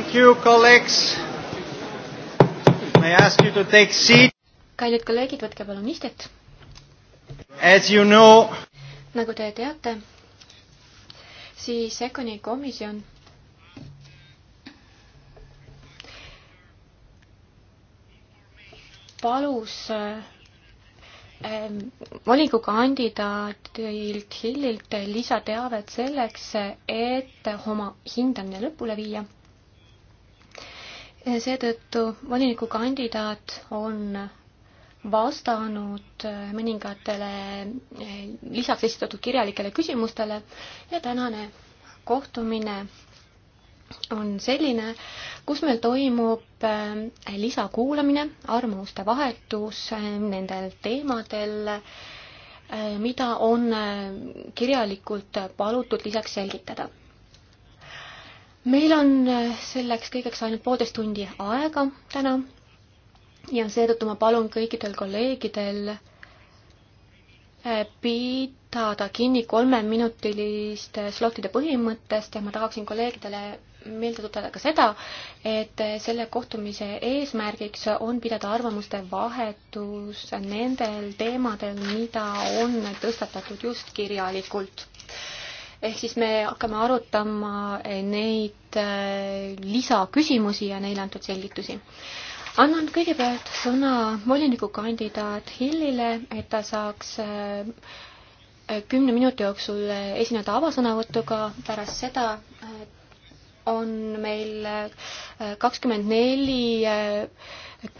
Thank you, colleagues. May I ask you to take seat? kallid kolleegid, võtke palun istet. As you know. nagu te teate, siis Econi komisjon palus ähm, volikogu kandidaadilt Hillilt lisateavet selleks, et oma hindamine lõpule viia seetõttu volinikukandidaat on vastanud mõningatele eh, lisaks esitatud kirjalikele küsimustele ja tänane kohtumine on selline, kus meil toimub eh, lisakuulamine, arvamuste vahetus eh, nendel teemadel, mida on kirjalikult palutud lisaks selgitada meil on äh, selleks kõigeks ainult poolteist tundi aega täna ja seetõttu ma palun kõikidel kolleegidel äh, pidada kinni kolmeminutiliste slotide põhimõttest ja ma tahaksin kolleegidele meelde tutvada ka seda, et äh, selle kohtumise eesmärgiks on pidada arvamuste vahetus nendel teemadel, mida on tõstatatud just kirjalikult ehk siis me hakkame arutama neid äh, lisaküsimusi ja neile antud selgitusi. annan kõigepealt sõna volinikukandidaat Hillile, et ta saaks äh, kümne minuti jooksul esineda avasõnavõtuga, pärast seda äh, on meil kakskümmend neli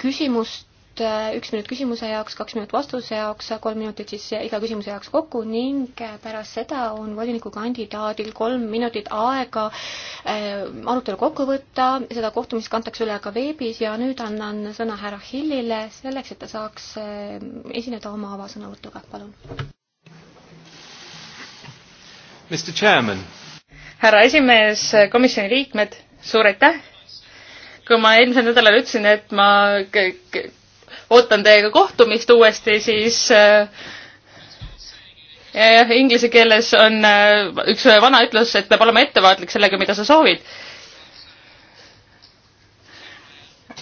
küsimust minut, äh, üks minut küsimuse jaoks, kaks minut vastuse jaoks, kolm minutit siis iga küsimuse jaoks kokku ning äh, pärast seda on volinikukandidaadil kolm minutit aega äh, arutelu kokku võtta, seda kohtumist kantakse üle ka veebis ja nüüd annan sõna härra Hillile selleks, et ta saaks esineda oma avasõnavõtuga, palun. härra esimees, komisjoni liikmed, suur aitäh kui ma eelmisel nädalal ütlesin, et ma ootan teiega kohtumist uuesti, siis äh, jah, inglise keeles on äh, üks vana ütlus, et peab olema ettevaatlik sellega, mida sa soovid.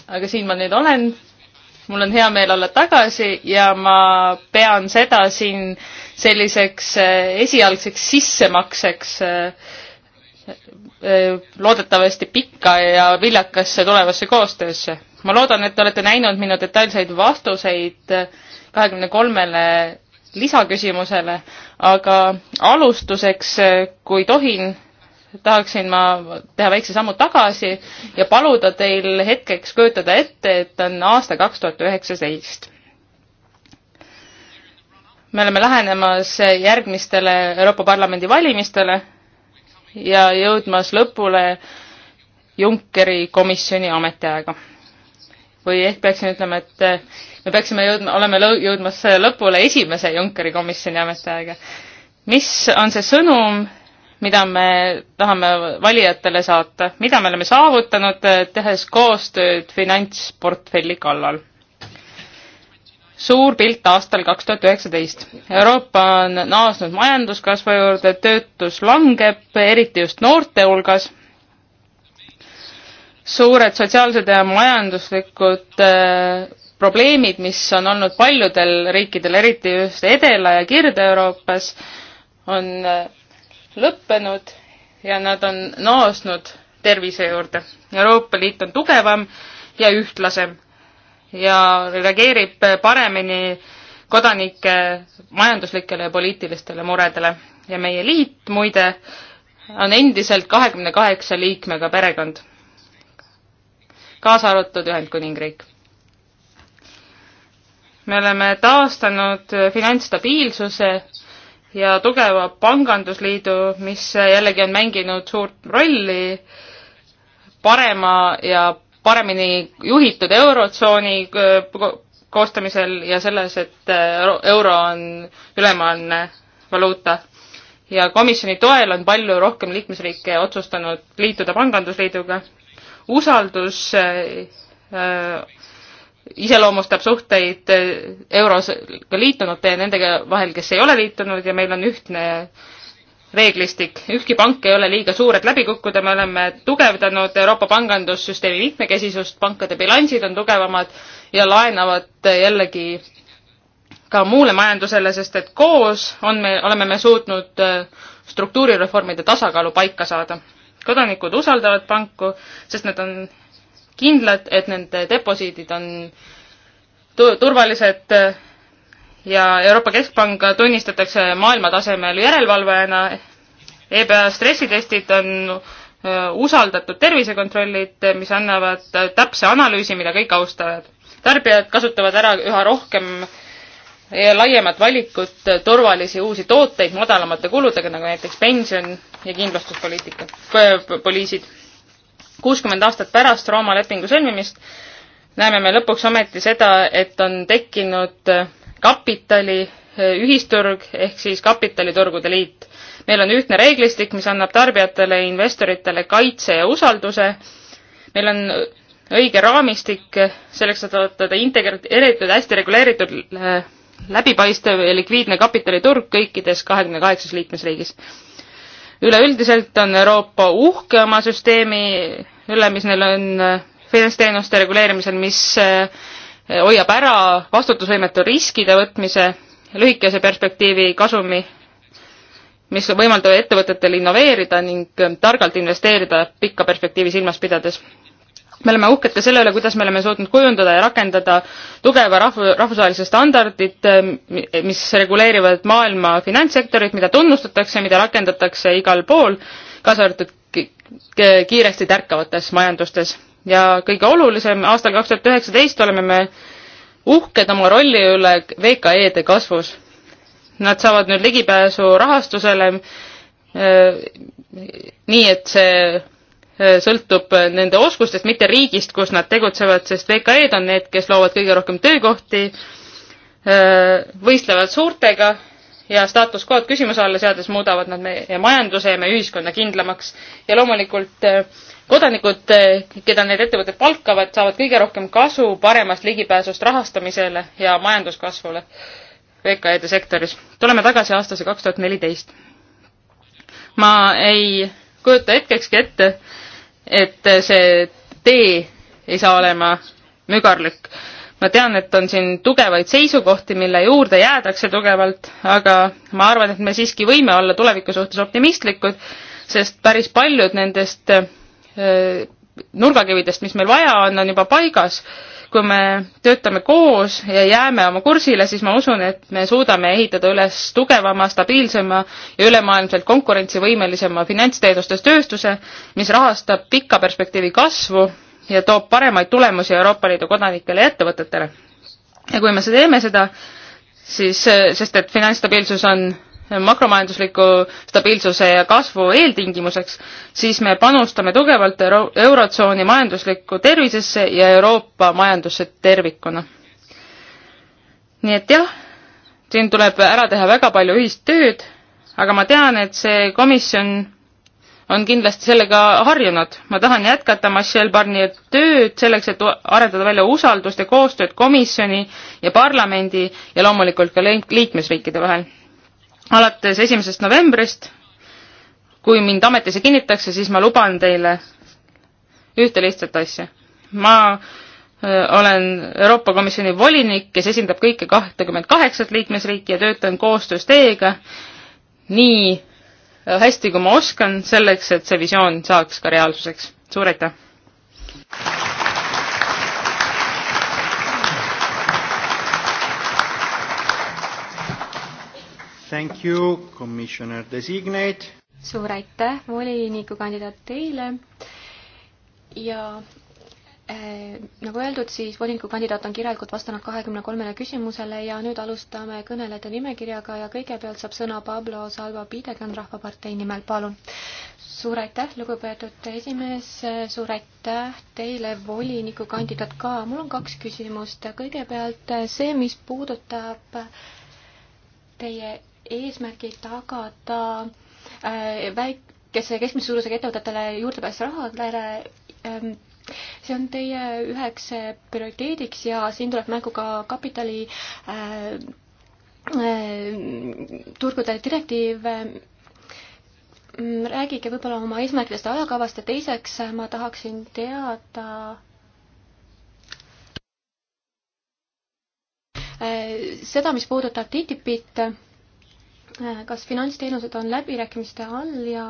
aga siin ma nüüd olen mul on hea meel olla tagasi ja ma pean seda siin selliseks äh, esialgseks sissemakseks loodetavasti pikka ja viljakasse tulevasse koostöösse ma loodan, et te olete näinud minu detailseid vastuseid kahekümne kolmele lisaküsimusele, aga alustuseks, kui tohin, tahaksin ma teha väikse sammu tagasi ja paluda teil hetkeks kujutada ette, et on aasta kaks tuhat üheksateist. me oleme lähenemas järgmistele Euroopa Parlamendi valimistele ja jõudmas lõpule Junckeri komisjoni ametiaega või ehk peaksin ütlema, et eh, me peaksime jõudma, oleme jõudmas lõpule esimese Junckeri komisjoni ametiaega. mis on see sõnum, mida me tahame valijatele saata, mida me oleme saavutanud, eh, tehes koostööd finantsportfelli kallal? suur pilt aastal kaks tuhat üheksateist. Euroopa on naasnud majanduskasvu juurde, töötus langeb, eriti just noorte hulgas suured sotsiaalsed ja majanduslikud äh, probleemid, mis on olnud paljudel riikidel, eriti just Edela- ja Kirde-Euroopas, on äh, lõppenud ja nad on naasnud tervise juurde. Euroopa Liit on tugevam ja ühtlasem ja reageerib paremini kodanike majanduslikele ja poliitilistele muredele. ja meie liit, muide, on endiselt kahekümne kaheksa liikmega perekond kaasa arvatud Ühendkuningriik. me oleme taastanud finantsstabiilsuse ja tugeva pangandusliidu, mis jällegi on mänginud suurt rolli parema ja paremini juhitud eurotsooni äh, koostamisel ja selles, et äh, euro on ülemaailmne valuuta. ja komisjoni toel on palju rohkem liikmesriike otsustanud liituda pangandusliiduga usaldus äh, äh, iseloomustab suhteid äh, eurosega liitunute ja nendega vahel, kes ei ole liitunud ja meil on ühtne reeglistik. ükski pank ei ole liiga suur, et läbi kukkuda, me oleme tugevdanud Euroopa pangandussüsteemi mitmekesisust, pankade bilansid on tugevamad ja laenavad jällegi ka muule majandusele, sest et koos on me, oleme me suutnud struktuurireformide tasakaalu paika saada kodanikud usaldavad panku, sest nad on kindlad, et nende deposiidid on tu-, turvalised äh, ja Euroopa Keskpanka tunnistatakse maailma tasemel järelevalvajana, EBA stressitestid on äh, usaldatud tervisekontrollid, mis annavad äh, täpse analüüsi, mida kõik austavad. tarbijad kasutavad ära üha rohkem äh, laiemat valikut turvalisi uusi tooteid madalamate kuludega, nagu näiteks pension ja kindlustuspoliitika, poliisid. kuuskümmend aastat pärast Rooma lepingu sõlmimist näeme me lõpuks ometi seda, et on tekkinud kapitali e, ühisturg ehk siis kapitaliturgude liit. meil on ühtne reeglistik, mis annab tarbijatele ja investoritele kaitse ja usalduse. meil on õige raamistik selleks, et toetada integreeritud, hästi reguleeritud e, läbipaistev ja likviidne kapitaliturg kõikides kahekümne kaheksas liikmesriigis. üleüldiselt on Euroopa uhke oma süsteemi üle, mis neil on äh, finantsteenuste reguleerimisel, mis äh, hoiab ära vastutusvõimetu riskide võtmise, lühikese perspektiivi kasumi, mis võimaldab ettevõtetel innoveerida ning targalt investeerida pikka perspektiivi silmas pidades me oleme uhked ka selle üle, kuidas me oleme suutnud kujundada ja rakendada tugeva rahvu, rahvusvahelise standardit, eh, mis reguleerivad maailma finantssektorit, mida tunnustatakse, mida rakendatakse igal pool, kaasa arvatud kiiresti tärkavates majandustes. ja kõige olulisem, aastal kaks tuhat üheksateist oleme me uhked oma rolli üle VKE-de kasvus. Nad saavad nüüd ligipääsu rahastusele, eh, nii et see Eh, sõltub nende oskustest, mitte riigist, kus nad tegutsevad, sest VKE-d on need, kes loovad kõige rohkem töökohti, eh, võistlevad suurtega ja staatus quo'd küsimuse alla seades muudavad nad meie majanduse ja meie ühiskonna kindlamaks ja loomulikult eh, kodanikud, keda need ettevõtted palkavad, saavad kõige rohkem kasu paremast ligipääsust rahastamisele ja majanduskasvule VKE-de sektoris. tuleme tagasi aastasse kaks tuhat neliteist. ma ei kujuta hetkekski ette, et see tee ei saa olema mügarlükk. ma tean, et on siin tugevaid seisukohti, mille juurde jäädakse tugevalt, aga ma arvan, et me siiski võime olla tuleviku suhtes optimistlikud, sest päris paljud nendest äh, nurgakividest, mis meil vaja on, on juba paigas kui me töötame koos ja jääme oma kursile, siis ma usun, et me suudame ehitada üles tugevama, stabiilsema ja ülemaailmselt konkurentsivõimelisema finantsteenustustööstuse, mis rahastab pika perspektiivi kasvu ja toob paremaid tulemusi Euroopa Liidu kodanikele ja ettevõtetele. ja kui me teeme seda, siis, sest et finantsstabiilsus on makromajandusliku stabiilsuse ja kasvu eeltingimuseks, siis me panustame tugevalt euro-, Eurotsooni majanduslikku tervisesse ja Euroopa majandusse tervikuna. nii et jah, siin tuleb ära teha väga palju ühist tööd, aga ma tean, et see komisjon on kindlasti sellega harjunud. ma tahan jätkata Michel Barnier tööd selleks, et arendada välja usaldust ja koostööd komisjoni ja parlamendi ja loomulikult ka liikmesriikide vahel alates esimesest novembrist. kui mind ametisse kinnitakse, siis ma luban teile ühte lihtsat asja. ma äh, olen Euroopa Komisjoni volinik, kes esindab kõiki kahtekümmet kaheksat liikmesriiki ja töötan koostöös teiega nii äh, hästi, kui ma oskan, selleks, et see visioon saaks ka reaalsuseks. suur aitäh! Thank you, commissioner designate. suur aitäh, volinikukandidaat teile ja äh, nagu öeldud, siis volinikukandidaat on kirjalikult vastanud kahekümne kolmele küsimusele ja nüüd alustame kõnelejate nimekirjaga ja kõigepealt saab sõna Pablo Salva Pidegan Rahvapartei nimel, palun. suur aitäh, lugupeetud esimees, suur aitäh teile, volinikukandidaat ka. mul on kaks küsimust. kõigepealt see, mis puudutab teie eesmärgil tagada äh, väikese ja keskmise suurusega ettevõtetele juurdepääs rahadele. Ähm, see on teie üheks prioriteediks ja siin tuleb mängu ka kapitali äh, äh, turgude direktiiv mm, räägige võib-olla oma eesmärkidest ja ajakavast ja teiseks ma tahaksin teada seda, mis puudutab TTIP-it Äh, kas finantsteenused on läbirääkimiste all ja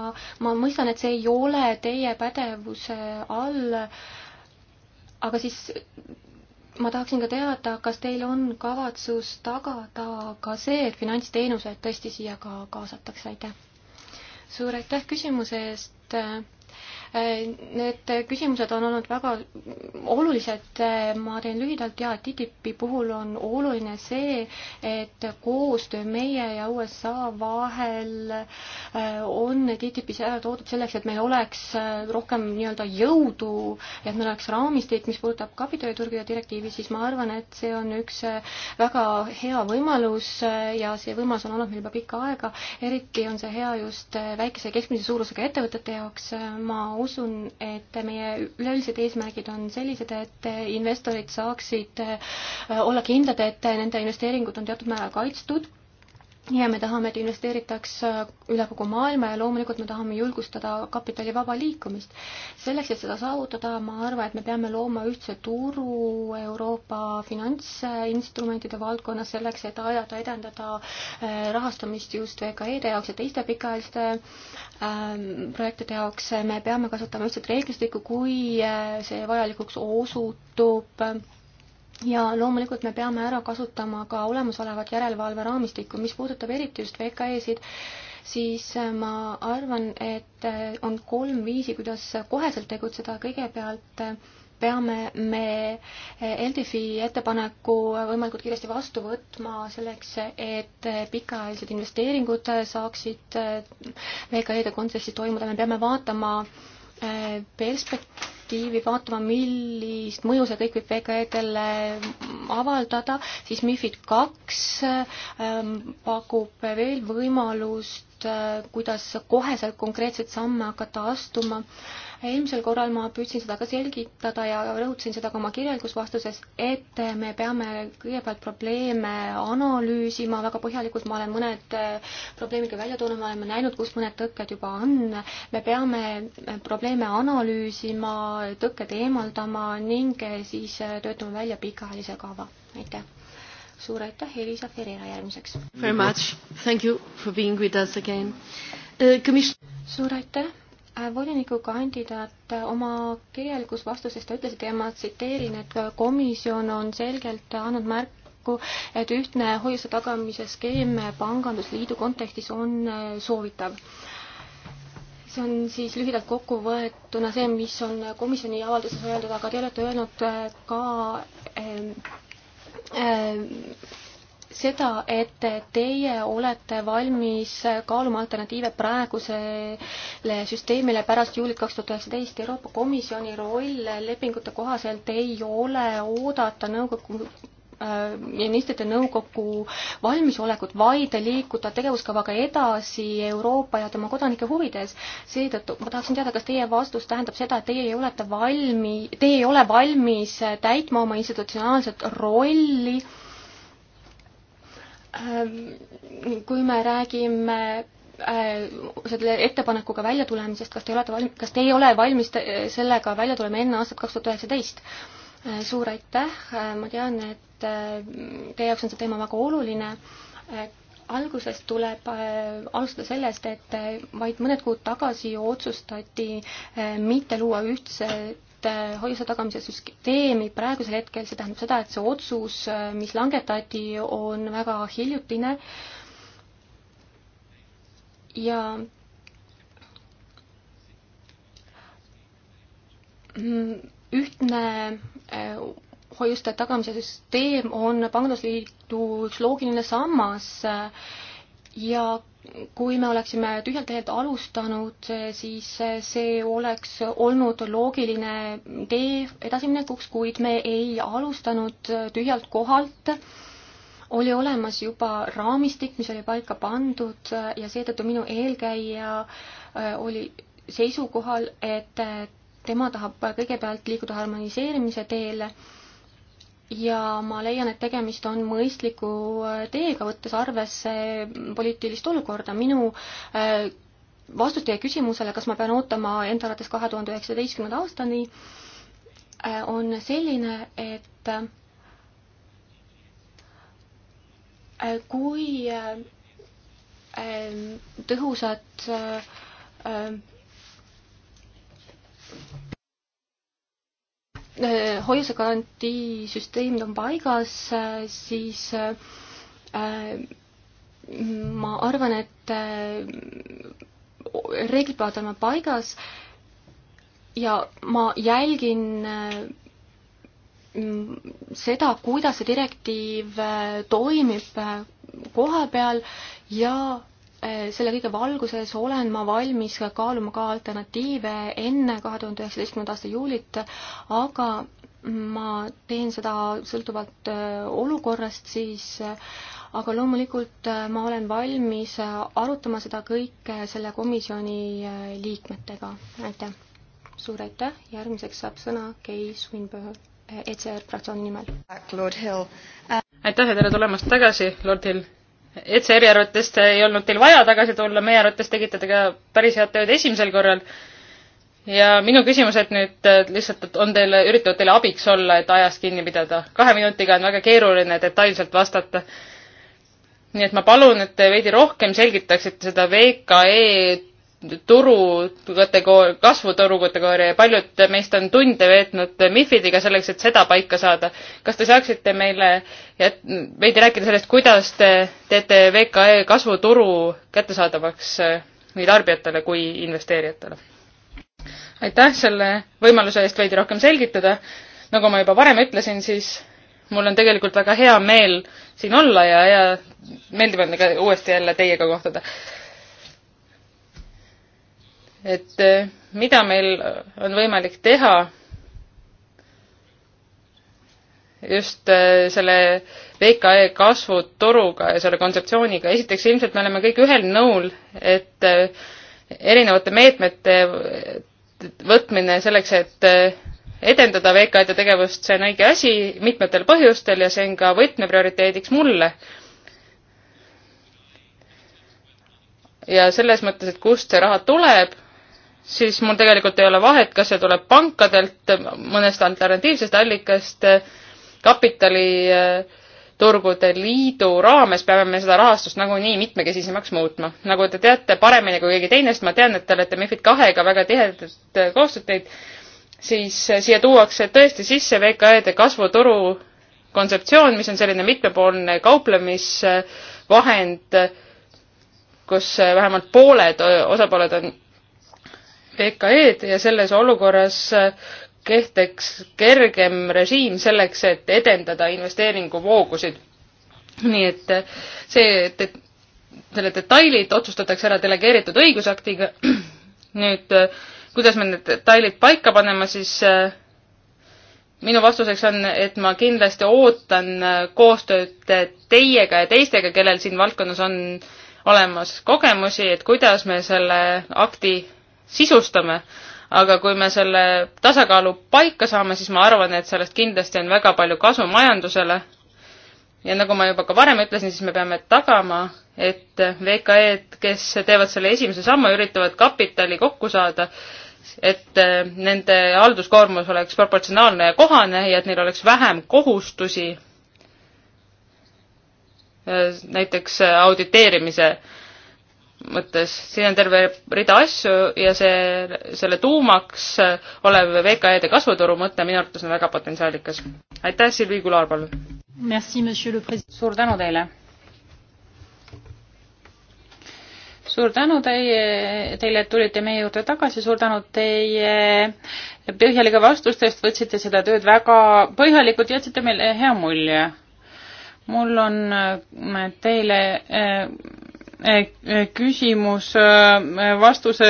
ma mõistan, et see ei ole teie pädevuse all, aga siis ma tahaksin ka teada, kas teil on kavatsus tagada ka see, et finantsteenused tõesti siia ka kaasatakse, aitäh! suur aitäh küsimuse eest! Need küsimused on olnud väga olulised, ma teen lühidalt, jaa, TTIP-i puhul on oluline see, et koostöö meie ja USA vahel äh, on TTIP-is ära toodud selleks, et meil oleks äh, rohkem nii-öelda jõudu, et meil oleks raamistik, mis puudutab kapitaliturgide direktiivi, siis ma arvan, et see on üks äh, väga hea võimalus ja see võimalus on olnud meil juba pikka aega, eriti on see hea just väikese ja keskmise suurusega ettevõtete jaoks, ma usun, et meie üleüldised eesmärgid on sellised, et investorid saaksid äh, olla kindlad, et nende investeeringud on teatud määral kaitstud ja me tahame, et investeeritaks äh, üle kogu maailma ja loomulikult me tahame julgustada kapitali vaba liikumist. selleks, et seda saavutada, ma arvan, et me peame looma ühtse turu Euroopa finantsinstrumentide valdkonnas selleks, et aidata edendada äh, rahastamist just VKE-de jaoks ja teiste pikaajaliste ähm, projektide jaoks. me peame kasutama ühtset reeglistikku, kui äh, see vajalikuks osutub ja loomulikult me peame ära kasutama ka olemasolevat järelevalveraamistikku, mis puudutab eriti just VKE-sid, siis äh, ma arvan, et äh, on kolm viisi, kuidas koheselt tegutseda, kõigepealt äh, peame me LDF-i ettepaneku võimalikult kiiresti vastu võtma selleks, et pikaajalised investeeringud saaksid VKE-de kontekstis toimuda, me peame vaatama äh, Äh, perspektiivi vaatama, millist mõju see kõik võib VKE-dele avaldada, siis MIFID kaks ähm, pakub veel võimalust just, kuidas koheselt konkreetseid samme hakata astuma. eelmisel korral ma püüdsin seda ka selgitada ja rõhutasin seda ka oma kirjalikus vastuses, et me peame kõigepealt probleeme analüüsima väga põhjalikult, ma olen mõned probleemid ka välja toonud, me oleme näinud, kus mõned tõkked juba on, me peame probleeme analüüsima, tõkked eemaldama ning siis töötame välja pikaajalise kava, aitäh suur aitäh, Elisa Ferreira järgmiseks. Very much, thank you for being with us again uh,. suur aitäh äh, volinikukandidaat äh, oma kirjalikus vastuses te ütlesite ja ma tsiteerin, et äh, komisjon on selgelt andnud märku, et ühtne hoiuste tagamise skeem pangandusliidu kontekstis on soovitav. see on siis lühidalt kokku võetuna see, mis on komisjoni avalduses öeldud, aga te olete öelnud ka ähm, Ehm, seda, et teie olete valmis kaaluma alternatiive praegusele süsteemile pärast juulit kaks tuhat üheksateist. Euroopa Komisjoni roll lepingute kohaselt ei ole oodata nõukogu Äh, ministrite nõukogu valmisolekut, vaid liikuda tegevuskavaga edasi Euroopa ja tema kodanike huvides. seetõttu ma tahaksin teada, kas teie vastus tähendab seda, et teie ei olete valmi, teie ei ole valmis täitma oma institutsionaalset rolli, ähm, kui me räägime äh, selle ettepanekuga välja tulemisest, kas te olete valmis, kas te ei ole valmis sellega välja tulema enne aastat kaks tuhat üheksateist? Äh, suur aitäh, ma tean, et et äh, teie jaoks on see teema väga oluline. Äh, algusest tuleb äh, alustada sellest, et vaid mõned kuud tagasi otsustati mitte luua ühtset hoiuse tagamise süsteemi praegusel hetkel, see tähendab seda, et see otsus, mis langetati, on väga hiljutine. ja mm, ühtne hoiuste tagamise süsteem on pangandusliidu üks loogiline sammas ja kui me oleksime tühjalt lehelt alustanud, siis see oleks olnud loogiline tee edasiminekuks, kuid me ei alustanud tühjalt kohalt. oli olemas juba raamistik, mis oli paika pandud ja seetõttu minu eelkäija äh, oli seisukohal, et äh, tema tahab kõigepealt liikuda harmoniseerimise teele ja ma leian, et tegemist on mõistliku äh, teega, võttes arvesse poliitilist olukorda. minu äh, vastus teie küsimusele, kas ma pean ootama enda arvates kahe tuhande üheksateistkümnenda aastani, äh, on selline, et kui tõhusad Äh, hoiusegarantiisüsteemid on paigas, äh, siis äh, ma arvan, et reeglid peavad olema paigas ja ma jälgin seda, kuidas see direktiiv toimib koha peal ja Äh, selle kõige valguses olen ma valmis kaaluma ka alternatiive enne kahe tuhande üheksateistkümnenda aasta juulit, aga ma teen seda sõltuvalt äh, olukorrast siis, äh, aga loomulikult ma olen valmis arutama seda kõike selle komisjoni liikmetega. aitäh. suur aitäh, järgmiseks saab sõna Kei Swinburne ECR fraktsiooni nimel. aitäh ja tere tulemast tagasi, Lord Hill ECR-i arvates ei olnud teil vaja tagasi tulla, meie arvates tegite te ka päris head tööd esimesel korral. ja minu küsimused nüüd äh, lihtsalt on teile, üritavad teile abiks olla, et ajast kinni pidada. kahe minutiga on väga keeruline detailselt vastata. nii et ma palun, et te veidi rohkem selgitaksite seda VKE turu kategooria, kasvuturu kategooria ja paljud meist on tunde veetnud MIFIDiga selleks, et seda paika saada. kas te saaksite meile veidi rääkida sellest, kuidas te teete VKE kasvuturu kättesaadavaks äh, nii tarbijatele kui investeerijatele? aitäh selle võimaluse eest veidi rohkem selgitada. nagu ma juba varem ütlesin, siis mul on tegelikult väga hea meel siin olla ja, ja meeldib on uuesti jälle teiega kohtuda et eh, mida meil on võimalik teha just eh, selle VKE kasvutoruga ja selle kontseptsiooniga. esiteks ilmselt me oleme kõik ühel nõul, et eh, erinevate meetmete võtmine selleks, et edendada VKE-de tegevust, see on õige asi mitmetel põhjustel ja see on ka võtmeprioriteediks mulle. ja selles mõttes, et kust see raha tuleb siis mul tegelikult ei ole vahet, kas see tuleb pankadelt, mõnest alternatiivsest allikast, kapitaliturgude liidu raames peame me seda rahastust nagunii mitmekesisemaks muutma. nagu te teate paremini kui keegi teine, sest ma tean, et te olete MIFID kahega väga tihedalt koostööd teinud, siis siia tuuakse tõesti sisse VKE-de kasvuturu kontseptsioon, mis on selline mitmepoolne kauplemisvahend, kus vähemalt pooled osapooled on VKE-d ja selles olukorras äh, kehteks kergem režiim selleks, et edendada investeeringuvoogusid. nii et äh, see, et selle detailid otsustatakse ära delegeeritud õigusaktiga. nüüd, äh, kuidas me need detailid paika paneme, siis minu vastuseks on, et ma kindlasti ootan koostööd teiega ja teistega, kellel siin valdkonnas on olemas kogemusi, et kuidas me selle akti sisustame, aga kui me selle tasakaalu paika saame, siis ma arvan, et sellest kindlasti on väga palju kasu majandusele. ja nagu ma juba ka varem ütlesin, siis me peame tagama, et VKE-d, kes teevad selle esimese sammu, üritavad kapitali kokku saada, et äh, nende halduskoormus oleks proportsionaalne ja kohane ja et neil oleks vähem kohustusi äh, näiteks auditeerimise mõttes, siin on terve rida asju ja see, selle tuumaks olev VKE-de kasvuturu mõte minu arvates on väga potentsiaalikas. aitäh, Silvi Kular, palun! suur tänu teile! suur tänu teie, teile, et tulite meie juurde tagasi, suur tänu teie põhjalike vastuste eest, võtsite seda tööd väga põhjalikult, jätsite meile hea mulje. mul on äh, teile äh, Eh, küsimus eh, vastuse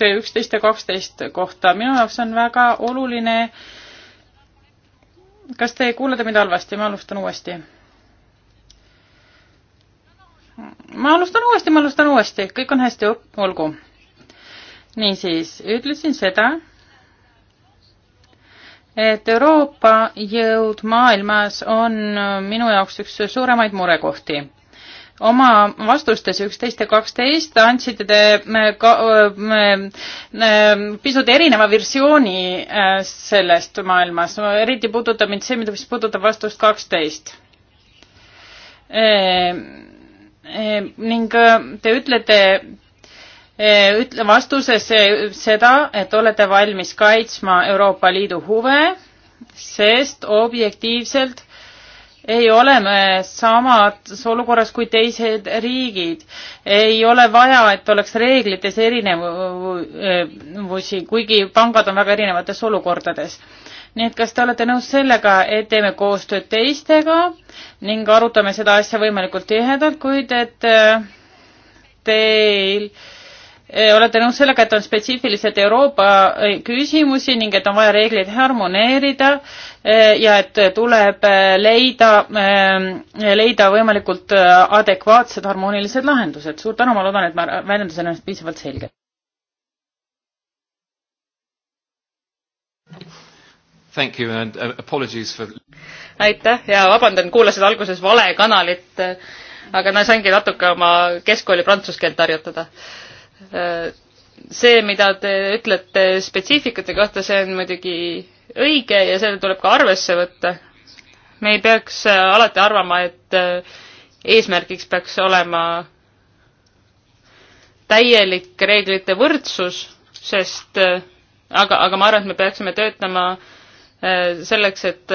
tee üksteist ja kaksteist kohta. minu jaoks on väga oluline. kas te kuulete mind halvasti? ma alustan uuesti. ma alustan uuesti, ma alustan uuesti, kõik on hästi, olgu. niisiis, ütlesin seda, et Euroopa jõud maailmas on minu jaoks üks suuremaid murekohti oma vastustes üksteist ja kaksteist andsite te ka, pisut erineva versiooni äh, sellest maailmas, eriti puudutab mind see, mida, mis puudutab vastust kaksteist e,. E, ning te ütlete ütle vastuses seda, et olete valmis kaitsma Euroopa Liidu huve, sest objektiivselt ei ole me samas olukorras kui teised riigid. ei ole vaja, et oleks reeglites erinevusi, kuigi pangad on väga erinevates olukordades. nii et kas te olete nõus sellega, et teeme koostööd teistega ning arutame seda asja võimalikult tihedalt, kuid et äh, teil äh, Eh, olete nõus sellega, et on spetsiifiliselt Euroopa eh, küsimusi ning et on vaja reegleid harmoneerida eh, ja et tuleb leida, leida võimalikult adekvaatsed harmoonilised lahendused. suur tänu, ma loodan, et ma väljendasin ennast piisavalt selgelt. Thank you and uh, apologies for aitäh ja vabandan, kuulasin alguses vale kanalit, aga no saingi natuke oma keskkooli prantsuse keelt harjutada Äh, see, mida te ütlete spetsiifikate kohta, see on muidugi õige ja seda tuleb ka arvesse võtta. me ei peaks äh, alati arvama, et äh, eesmärgiks peaks olema täielik reeglite võrdsus, sest aga, aga ma arvan, et me peaksime töötama selleks, et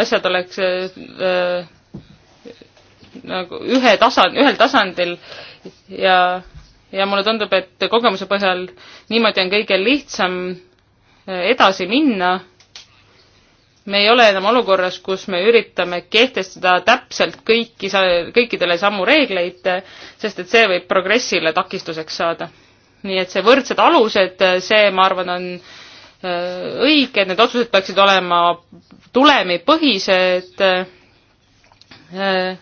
asjad oleks nagu ühe tasand, ühel tasandil ja ja mulle tundub, et kogemuse põhjal niimoodi on kõige lihtsam eh, edasi minna. me ei ole enam olukorras, kus me üritame kehtestada täpselt kõiki, kõikidele samu reegleid, sest et see võib progressile takistuseks saada. nii et see võrdsed alused, see, ma arvan, on eh, õige, et need otsused peaksid olema tulemipõhised eh,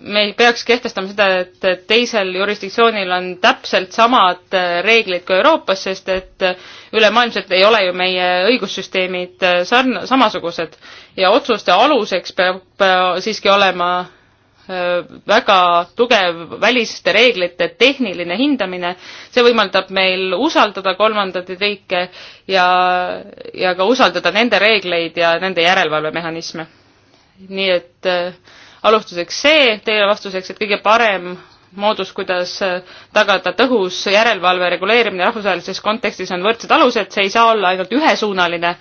me ei peaks kehtestama seda, et teisel jurisdiktsioonil on täpselt samad äh, reeglid kui Euroopas, sest et äh, ülemaailmselt ei ole ju meie õigussüsteemid äh, sarn-, samasugused ja otsuste aluseks peab siiski olema väga tugev väliste reeglite tehniline hindamine, see võimaldab meil usaldada kolmandaid riike ja, ja ka usaldada nende reegleid ja nende järelevalvemehhanisme. nii et äh, alustuseks see teie vastuseks, et kõige parem moodus, kuidas äh, tagada tõhus järelevalve reguleerimine rahvusvahelises kontekstis, on võrdsed alused, see ei saa olla ainult ühesuunaline.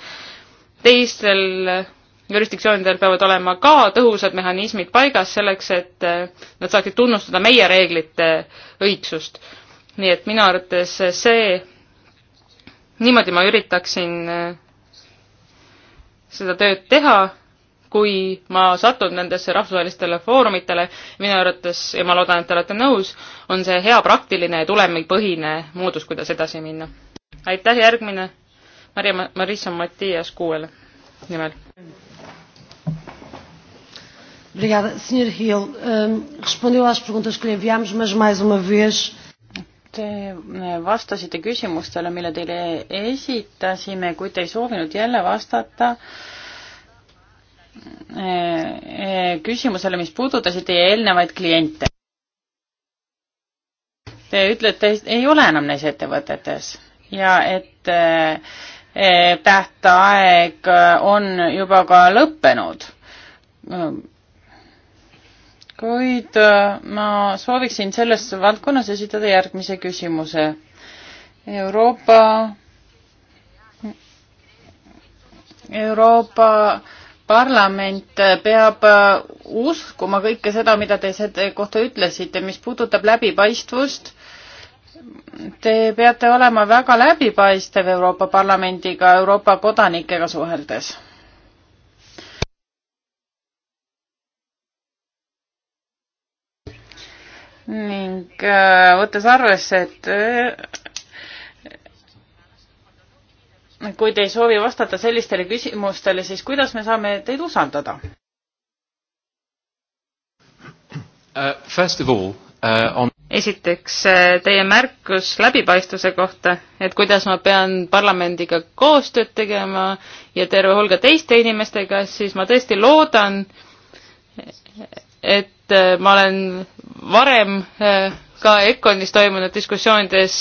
teistel äh, jurisdiktsioonidel peavad olema ka tõhusad mehhanismid paigas selleks, et äh, nad saaksid tunnustada meie reeglite õigsust. nii et minu arvates see, niimoodi ma üritaksin seda tööd teha kui ma satun nendesse rahvusvahelistele foorumitele, minu arvates, ja ma loodan, et te olete nõus, on see hea praktiline ja tulemipõhine moodus, kuidas edasi minna. aitäh, järgmine Maria, Marissa Matias Kuuel nimel. Obrigada. Sr. Hill, um, respondeu às perguntas que lhe enviámos, mas mais uma vez. Te eh, vastasite küsimustele, mille teile esitasime, kuid te ei soovinud jälle vastata äh, Eh, küsimusele, mis puudutasid teie eelnevaid kliente. Te ütlete, ei ole enam neis ettevõtetes ja et eh, tähtaeg on juba ka lõppenud. kuid eh, ma sooviksin selles valdkonnas esitada järgmise küsimuse. Euroopa, Euroopa parlament peab äh, uskuma kõike seda, mida te selle kohta ütlesite, mis puudutab läbipaistvust. Te peate olema väga läbipaistev Euroopa Parlamendiga, Euroopa kodanikega suheldes. ning äh, võttes arvesse, et äh, kui te ei soovi vastata sellistele küsimustele, siis kuidas me saame teid usaldada uh,? First of all uh, on esiteks uh, teie märkus läbipaistvuse kohta, et kuidas ma pean parlamendiga koostööd tegema ja terve hulga teiste inimestega, siis ma tõesti loodan, et uh, ma olen varem uh, ka EKONis toimunud diskussioonides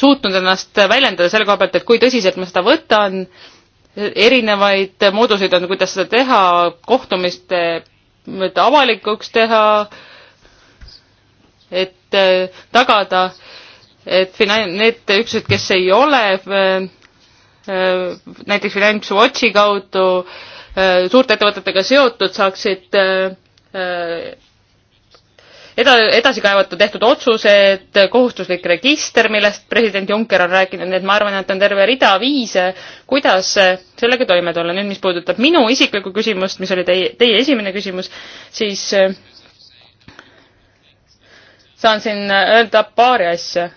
suutnud ennast väljendada selle koha pealt, et kui tõsiselt ma seda võtan, erinevaid mooduseid on, kuidas seda teha, kohtumiste avalikuks teha, et äh, tagada, et finan-, need üksused, kes ei ole äh, äh, näiteks Finantswatchi kaudu suurte ettevõtetega seotud, saaksid eda-, edasikaevatu tehtud otsused, kohustuslik register, millest president Juncker on rääkinud, nii et ma arvan, et on terve rida viise, kuidas sellega toime tulla. nüüd, mis puudutab minu isiklikku küsimust, mis oli teie, teie esimene küsimus, siis äh, saan siin äh, öelda paari asja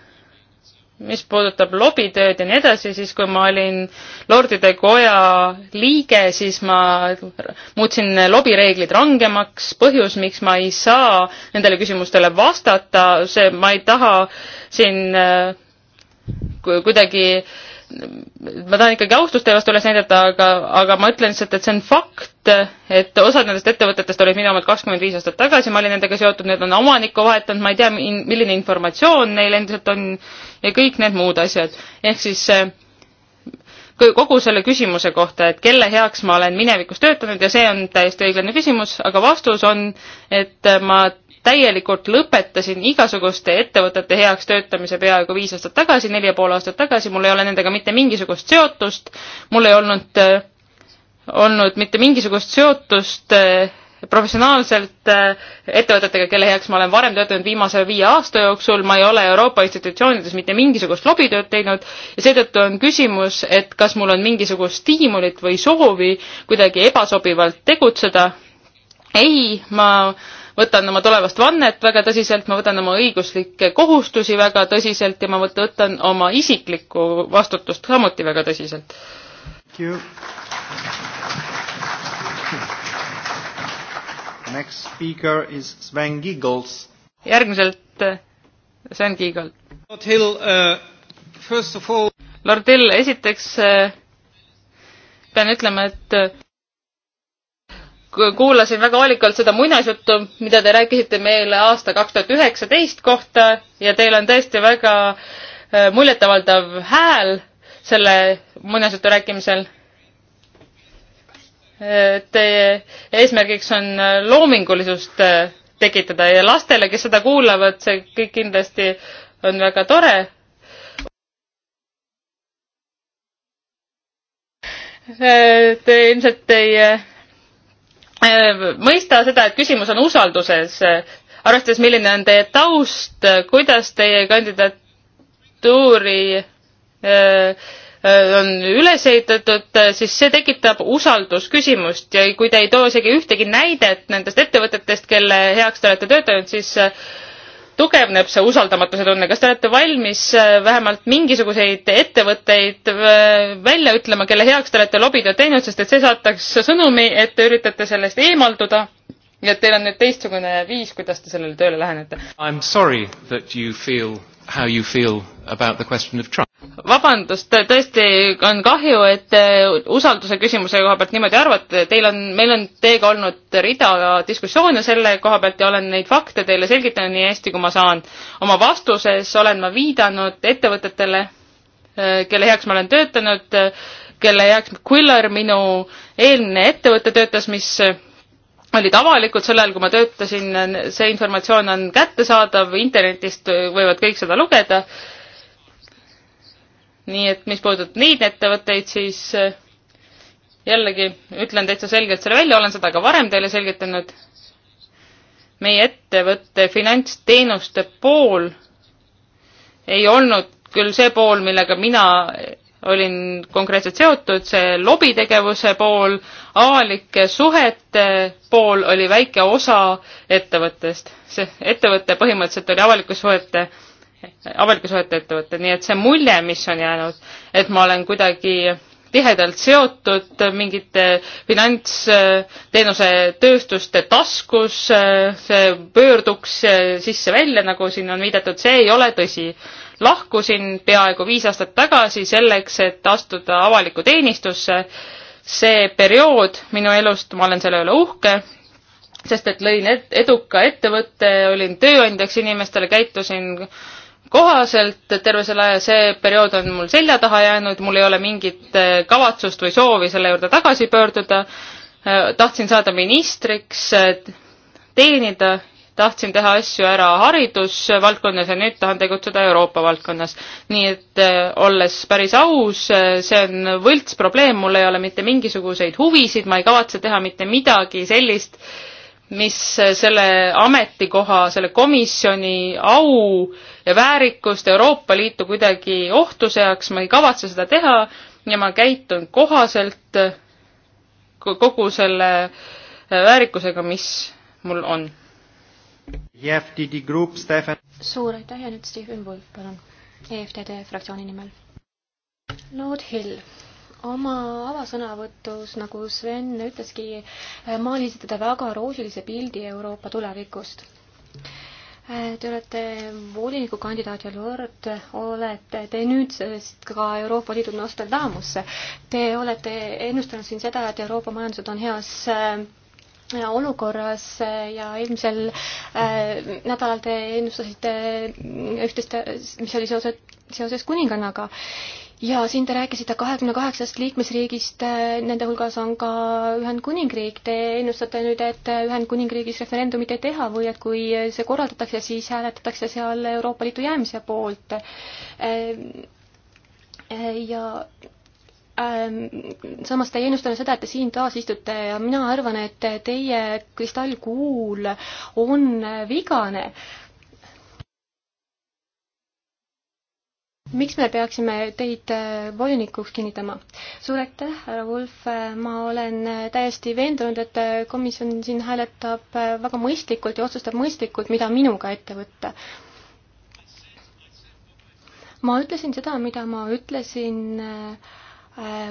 mis puudutab lobitööd ja nii edasi, siis kui ma olin Lordide Koja liige, siis ma muutsin lobireeglid rangemaks, põhjus, miks ma ei saa nendele küsimustele vastata, see, ma ei taha siin äh, kuidagi äh, ma tahan ikkagi austust teie vastu üles näidata, aga, aga ma ütlen lihtsalt, et see on fakt, et osad nendest ettevõtetest olid minu omad kakskümmend viis aastat tagasi, ma olin nendega seotud, need on omanikku vahetanud, ma ei tea, milline informatsioon neil endiselt on ja kõik need muud asjad. ehk siis eh, kogu selle küsimuse kohta, et kelle heaks ma olen minevikus töötanud ja see on täiesti õiglane küsimus, aga vastus on, et eh, ma täielikult lõpetasin igasuguste ettevõtete heaks töötamise peaaegu viis aastat tagasi, neli ja pool aastat tagasi, mul ei ole nendega mitte mingisugust seotust, mul ei olnud äh,, olnud mitte mingisugust seotust äh, professionaalselt äh, ettevõtetega, kelle heaks ma olen varem töötanud viimase viie aasta jooksul, ma ei ole Euroopa institutsioonides mitte mingisugust lobitööd teinud ja seetõttu on küsimus, et kas mul on mingisugust stiimulit või soovi kuidagi ebasobivalt tegutseda. ei, ma võtan oma tulevast vannet väga tõsiselt, ma võtan oma õiguslikke kohustusi väga tõsiselt ja ma võtan oma isiklikku vastutust samuti väga tõsiselt. Next speaker is Sven Giggles. järgmiselt äh, Sven Giegel. Lord Hill uh,, first of all. Lord Hill, esiteks uh, pean ütlema, et äh, kuulasin väga hoolikalt seda muinasjuttu, mida te rääkisite meile aasta kaks tuhat üheksateist kohta ja teil on tõesti väga äh, muljetavaldav hääl selle muinasjutu rääkimisel. Äh, teie eesmärgiks on äh, loomingulisust tekitada ja lastele, kes seda kuulavad, see kõik kindlasti on väga tore. Te ilmselt ei Äh, mõista seda, et küsimus on usalduses, äh, arvestades, milline on teie taust, äh, kuidas teie kandidatuuri on üles ehitatud, siis see tekitab usaldusküsimust ja kui te ei too isegi ühtegi näidet nendest ettevõtetest, kelle heaks te olete töötanud, siis tugevneb see usaldamatuse tunne, kas te olete valmis äh, vähemalt mingisuguseid ettevõtteid äh, välja ütlema, kelle heaks te olete lobida teinud, sest et see saataks sõnumi, et te üritate sellest eemalduda ja et teil on nüüd teistsugune viis, kuidas te sellele tööle lähenete? I am sorry that you feel how you feel about the question of Trump. vabandust, tõesti on kahju, et te äh, usalduse küsimuse koha pealt niimoodi arvate, teil on, meil on teiega olnud rida diskussioone selle koha pealt ja olen neid fakte teile selgitanud nii hästi, kui ma saan. oma vastuses olen ma viidanud ettevõtetele, äh, kelle heaks ma olen töötanud, äh, kelle heaks Quiller, minu eelmine ettevõte töötas, mis olid avalikud sel ajal, kui ma töötasin, see informatsioon on kättesaadav, internetist võivad kõik seda lugeda. nii et mis puudutab neid ettevõtteid, siis eh, jällegi ütlen täitsa selgelt selle välja, olen seda ka varem teile selgitanud. meie ettevõtte finantsteenuste pool ei olnud küll see pool, millega mina olin konkreetselt seotud, see lobitegevuse pool, avalike suhete pool oli väike osa ettevõttest. see ettevõte põhimõtteliselt oli avalike suhete, avalike suhete ettevõte, nii et see mulje, mis on jäänud, et ma olen kuidagi tihedalt seotud mingite finantsteenuse tööstuste taskus, see pöörduks sisse-välja, nagu siin on viidatud, see ei ole tõsi lahkusin peaaegu viis aastat tagasi selleks, et astuda avalikku teenistusse. see periood minu elust, ma olen selle üle uhke, sest et lõin eduka ettevõtte, olin tööandjaks inimestele, käitusin kohaselt terve selle aja, see periood on mul selja taha jäänud, mul ei ole mingit äh, kavatsust või soovi selle juurde tagasi pöörduda. Äh, tahtsin saada ministriks, äh, teenida tahtsin teha asju ära haridusvaldkonnas ja nüüd tahan tegutseda Euroopa valdkonnas. nii et äh, olles päris aus, äh, see on võlts probleem, mul ei ole mitte mingisuguseid huvisid, ma ei kavatse teha mitte midagi sellist, mis äh, selle ametikoha, selle komisjoni au ja väärikust Euroopa Liitu kuidagi ohtu seaks, ma ei kavatse seda teha ja ma käitun kohaselt kogu selle väärikusega, mis mul on EFTD Group, Stefan. suur aitäh ja nüüd Stephen Wolf, palun, EFTD fraktsiooni nimel. Lord Hill, oma avasõnavõtus, nagu Sven ütleski, maalisite te väga roosilise pildi Euroopa tulevikust Te olete volinikukandidaat ja lord, olete te nüüdsest ka Euroopa Liidu Nostradamusse. Te olete ennustanud siin seda, et Euroopa majandused on heas olukorras äh, ja eelmisel äh, nädalal te ennustasite äh, üht-teist, mis oli seoses, seoses kuningannaga. ja siin te rääkisite kahekümne kaheksast liikmesriigist, äh, nende hulgas on ka Ühendkuningriik. Te ennustate nüüd, et Ühendkuningriigis referendumit ei teha või et kui see korraldatakse, siis hääletatakse seal Euroopa Liitu jäämise poolt äh,. ja Ähm, samas te ei ennustanud seda, et te siin taas istute ja mina arvan, et teie kristallkuul on vigane. miks me peaksime teid äh, volinikuks kinnitama? suur aitäh, härra Wolf, ma olen äh, täiesti veendunud, et äh, komisjon siin hääletab väga mõistlikult ja otsustab mõistlikult, mida minuga ette võtta ma ütlesin seda, mida ma ütlesin äh,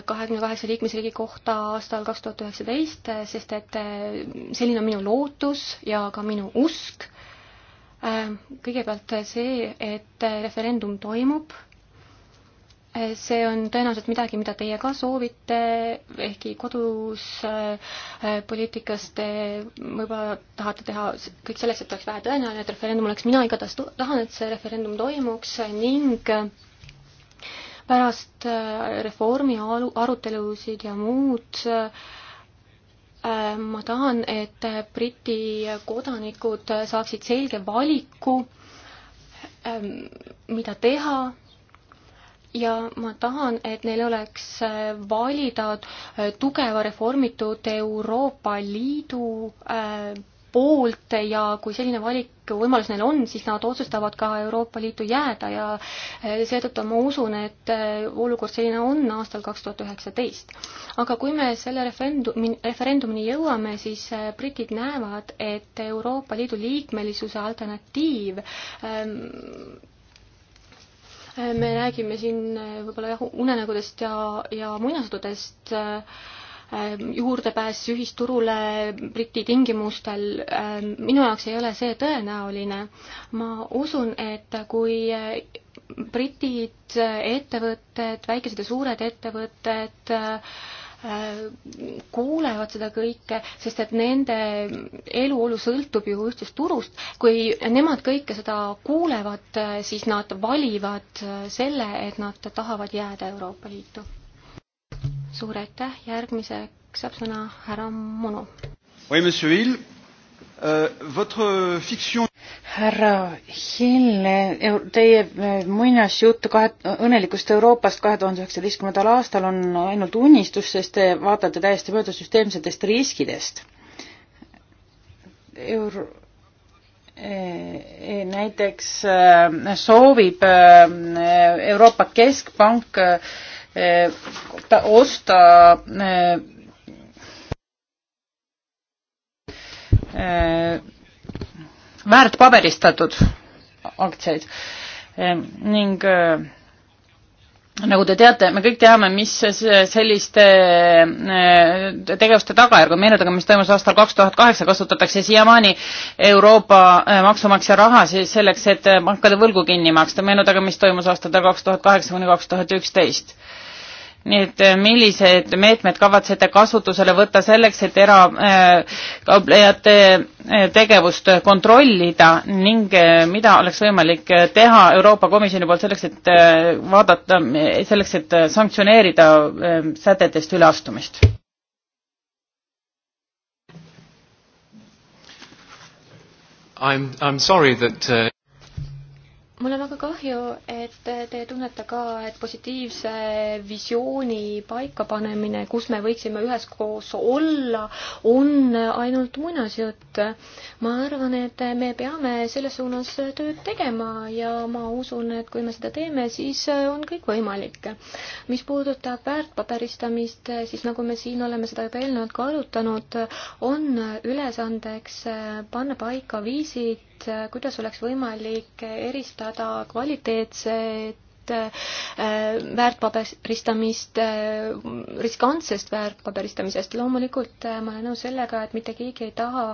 kahekümne kaheksa liikmesriigi kohta aastal kaks tuhat üheksateist, sest et eh, selline on minu lootus ja ka minu usk. Eh, kõigepealt see, et eh, referendum toimub. see on tõenäoliselt midagi, mida teie ka soovite, ehkki kodus poliitikas te võib-olla tahate teha kõik selleks, et oleks vähe tõenäoline, et referendum oleks, mina igatahes tahan, et see referendum toimuks ning pärast äh, reformi arutelusid ja muud äh, ma tahan, et äh, Briti kodanikud saaksid selge valiku, ähm, mida teha ja ma tahan, et neil oleks valida tugeva reformitud Euroopa Liidu poolt ja kui selline valikuvõimalus neil on, siis nad otsustavad ka Euroopa Liitu jääda ja eh, seetõttu ma usun, et eh, olukord selline on aastal kaks tuhat üheksateist. aga kui me selle referendumi, referendumini jõuame, siis eh, britid näevad, et Euroopa Liidu liikmelisuse alternatiiv ähm, me räägime siin võib-olla jah, unenägudest ja, ja muinasjuttudest äh,, Ähm, juurdepääs ühisturule Briti tingimustel, ähm, minu jaoks ei ole see tõenäoline. ma usun, et kui äh, britid, äh, ettevõtted, väikesed ja suured ettevõtted äh, kuulevad seda kõike, sest et nende eluolu sõltub ju ühtsest turust. kui nemad kõike seda kuulevad, siis nad valivad selle, et nad tahavad jääda Euroopa Liitu suur aitäh, järgmiseks saab sõna härra Munu. oi, monsieur Hill euh, Votre fiction... härra Hill, teie äh, muinasjutt kahe, õnnelikust Euroopast kahe tuhande üheksateistkümnendal aastal on ainult unistus, sest te vaatate täiesti mööda süsteemsetest riskidest. Euro-, äh, äh, näiteks soovib Euroopa Keskpank ta osta eh, eh, väärtpaberistatud aktsiaid eh, ning öö, nagu te teate, me kõik teame, mis selliste äh, tegevuste tagajärg on, meenutage, mis toimus aastal kaks tuhat kaheksa, kasutatakse siiamaani Euroopa äh, maksumaksja raha siis selleks, et pankade võlgu kinni maksta, meenutage, mis toimus aastatel kaks tuhat kaheksa kuni kaks tuhat üksteist nii et äh, millised meetmed kavatsete kasutusele võtta selleks, et erakauplejate äh, äh, tegevust kontrollida ning mida oleks võimalik teha Euroopa Komisjoni poolt selleks, et vaadata, selleks, et sanktsioneerida sätetest üleastumist? I am sorry that uh mul on väga kahju, et te tunnete ka, et positiivse visiooni paikapanemine, kus me võiksime üheskoos olla, on ainult muinasjutt. ma arvan, et me peame selles suunas tööd tegema ja ma usun, et kui me seda teeme, siis on kõik võimalik. mis puudutab väärtpaberistamist, siis nagu me siin oleme seda juba eelnevalt ka arutanud, on ülesandeks panna paika viisid, et äh, kuidas oleks võimalik eristada kvaliteetset äh, väärtpaberistamist, äh, riskantsest väärtpaberistamisest. loomulikult ma olen nõus sellega, et mitte keegi ei taha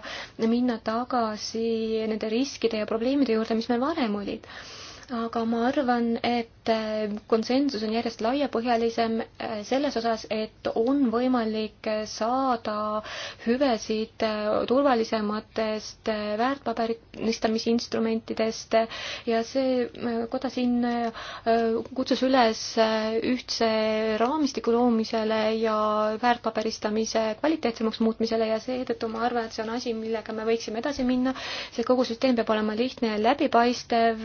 minna tagasi nende riskide ja probleemide juurde, mis meil varem olid aga ma arvan, et äh, konsensus on järjest laiapõhjalisem äh, selles osas, et on võimalik saada hüvesid äh, turvalisematest väärtpaberistamisinstrumentidest ja see koda siin kutsus üles ühtse raamistiku loomisele ja väärtpaberistamise kvaliteetsemaks muutmisele ja seetõttu ma arvan, et see on asi, millega me võiksime edasi minna, sest kogu süsteem peab olema lihtne ja läbipaistev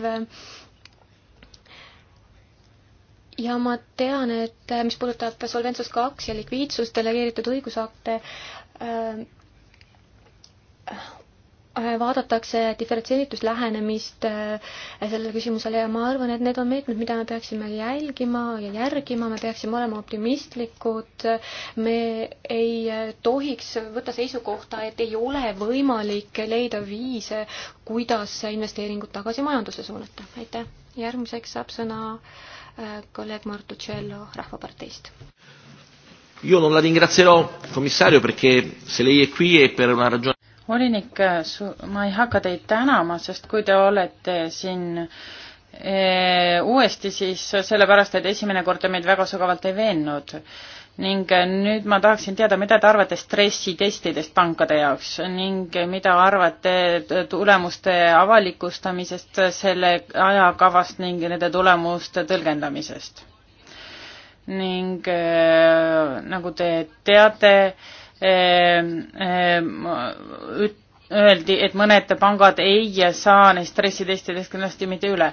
ja ma tean, et äh, mis puudutab Solventsus kaks ja likviidsust delegeeritud õigusakte äh,, äh vaadatakse diferentseeritus lähenemist äh, sellele küsimusele ja ma arvan, et need on meetmed, mida me peaksime jälgima ja järgima, me peaksime olema optimistlikud, me ei tohiks võtta seisukohta, et ei ole võimalik leida viise, kuidas investeeringud tagasi majandusse suunata. aitäh, järgmiseks saab sõna äh, kolleeg Martuccello Rahvaparteist. Io non la ringrazierò, commissario, perché se lei è qui è per una ragione volinik, ma ei hakka teid tänama, sest kui te olete siin e, uuesti, siis sellepärast, et esimene kord te meid väga sügavalt ei veennud ning äh, nüüd ma tahaksin teada, mida te arvate stressitestidest pankade jaoks ning äh, mida arvate tulemuste avalikustamisest, äh, selle ajakavast ning nende tulemuste tõlgendamisest? ning nagu te teate, öeldi, et mõned pangad ei saa neist stressitestidest kindlasti mitte üle,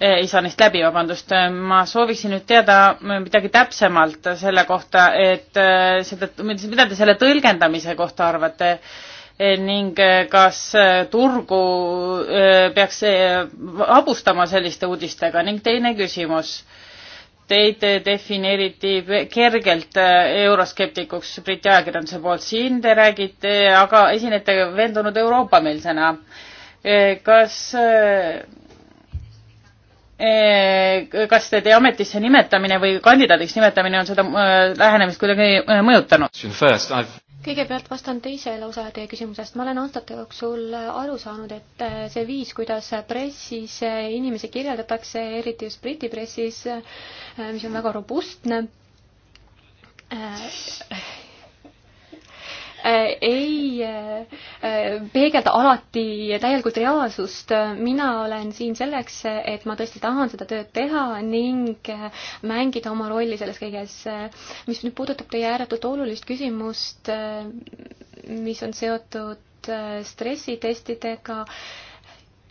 e, ei saa neist läbi, vabandust. ma sooviksin nüüd teada midagi täpsemalt selle kohta, et e, seda, mida te selle tõlgendamise kohta arvate e, ning kas turgu peaks abustama selliste uudistega ning teine küsimus teid defineeriti kergelt äh, euroskeptikuks Briti ajakirjanduse poolt. siin te räägite, aga esinete veendunud euroopameelsena. Äh, kas, äh, kas teie ametisse nimetamine või kandidaadiks nimetamine on seda lähenemist kuidagi mõjutanud? kõigepealt vastan teisele osale teie küsimusest. ma olen aastate jooksul aru saanud, et äh, see viis, kuidas pressis äh, inimesi kirjeldatakse, eriti just Briti pressis, äh, mis on väga robustne, Äh, ei äh, peegelda alati täielikult reaalsust. mina olen siin selleks, et ma tõesti tahan seda tööd teha ning äh, mängida oma rolli selles kõiges. mis nüüd puudutab teie ääretult olulist küsimust, mis on seotud stressitestidega,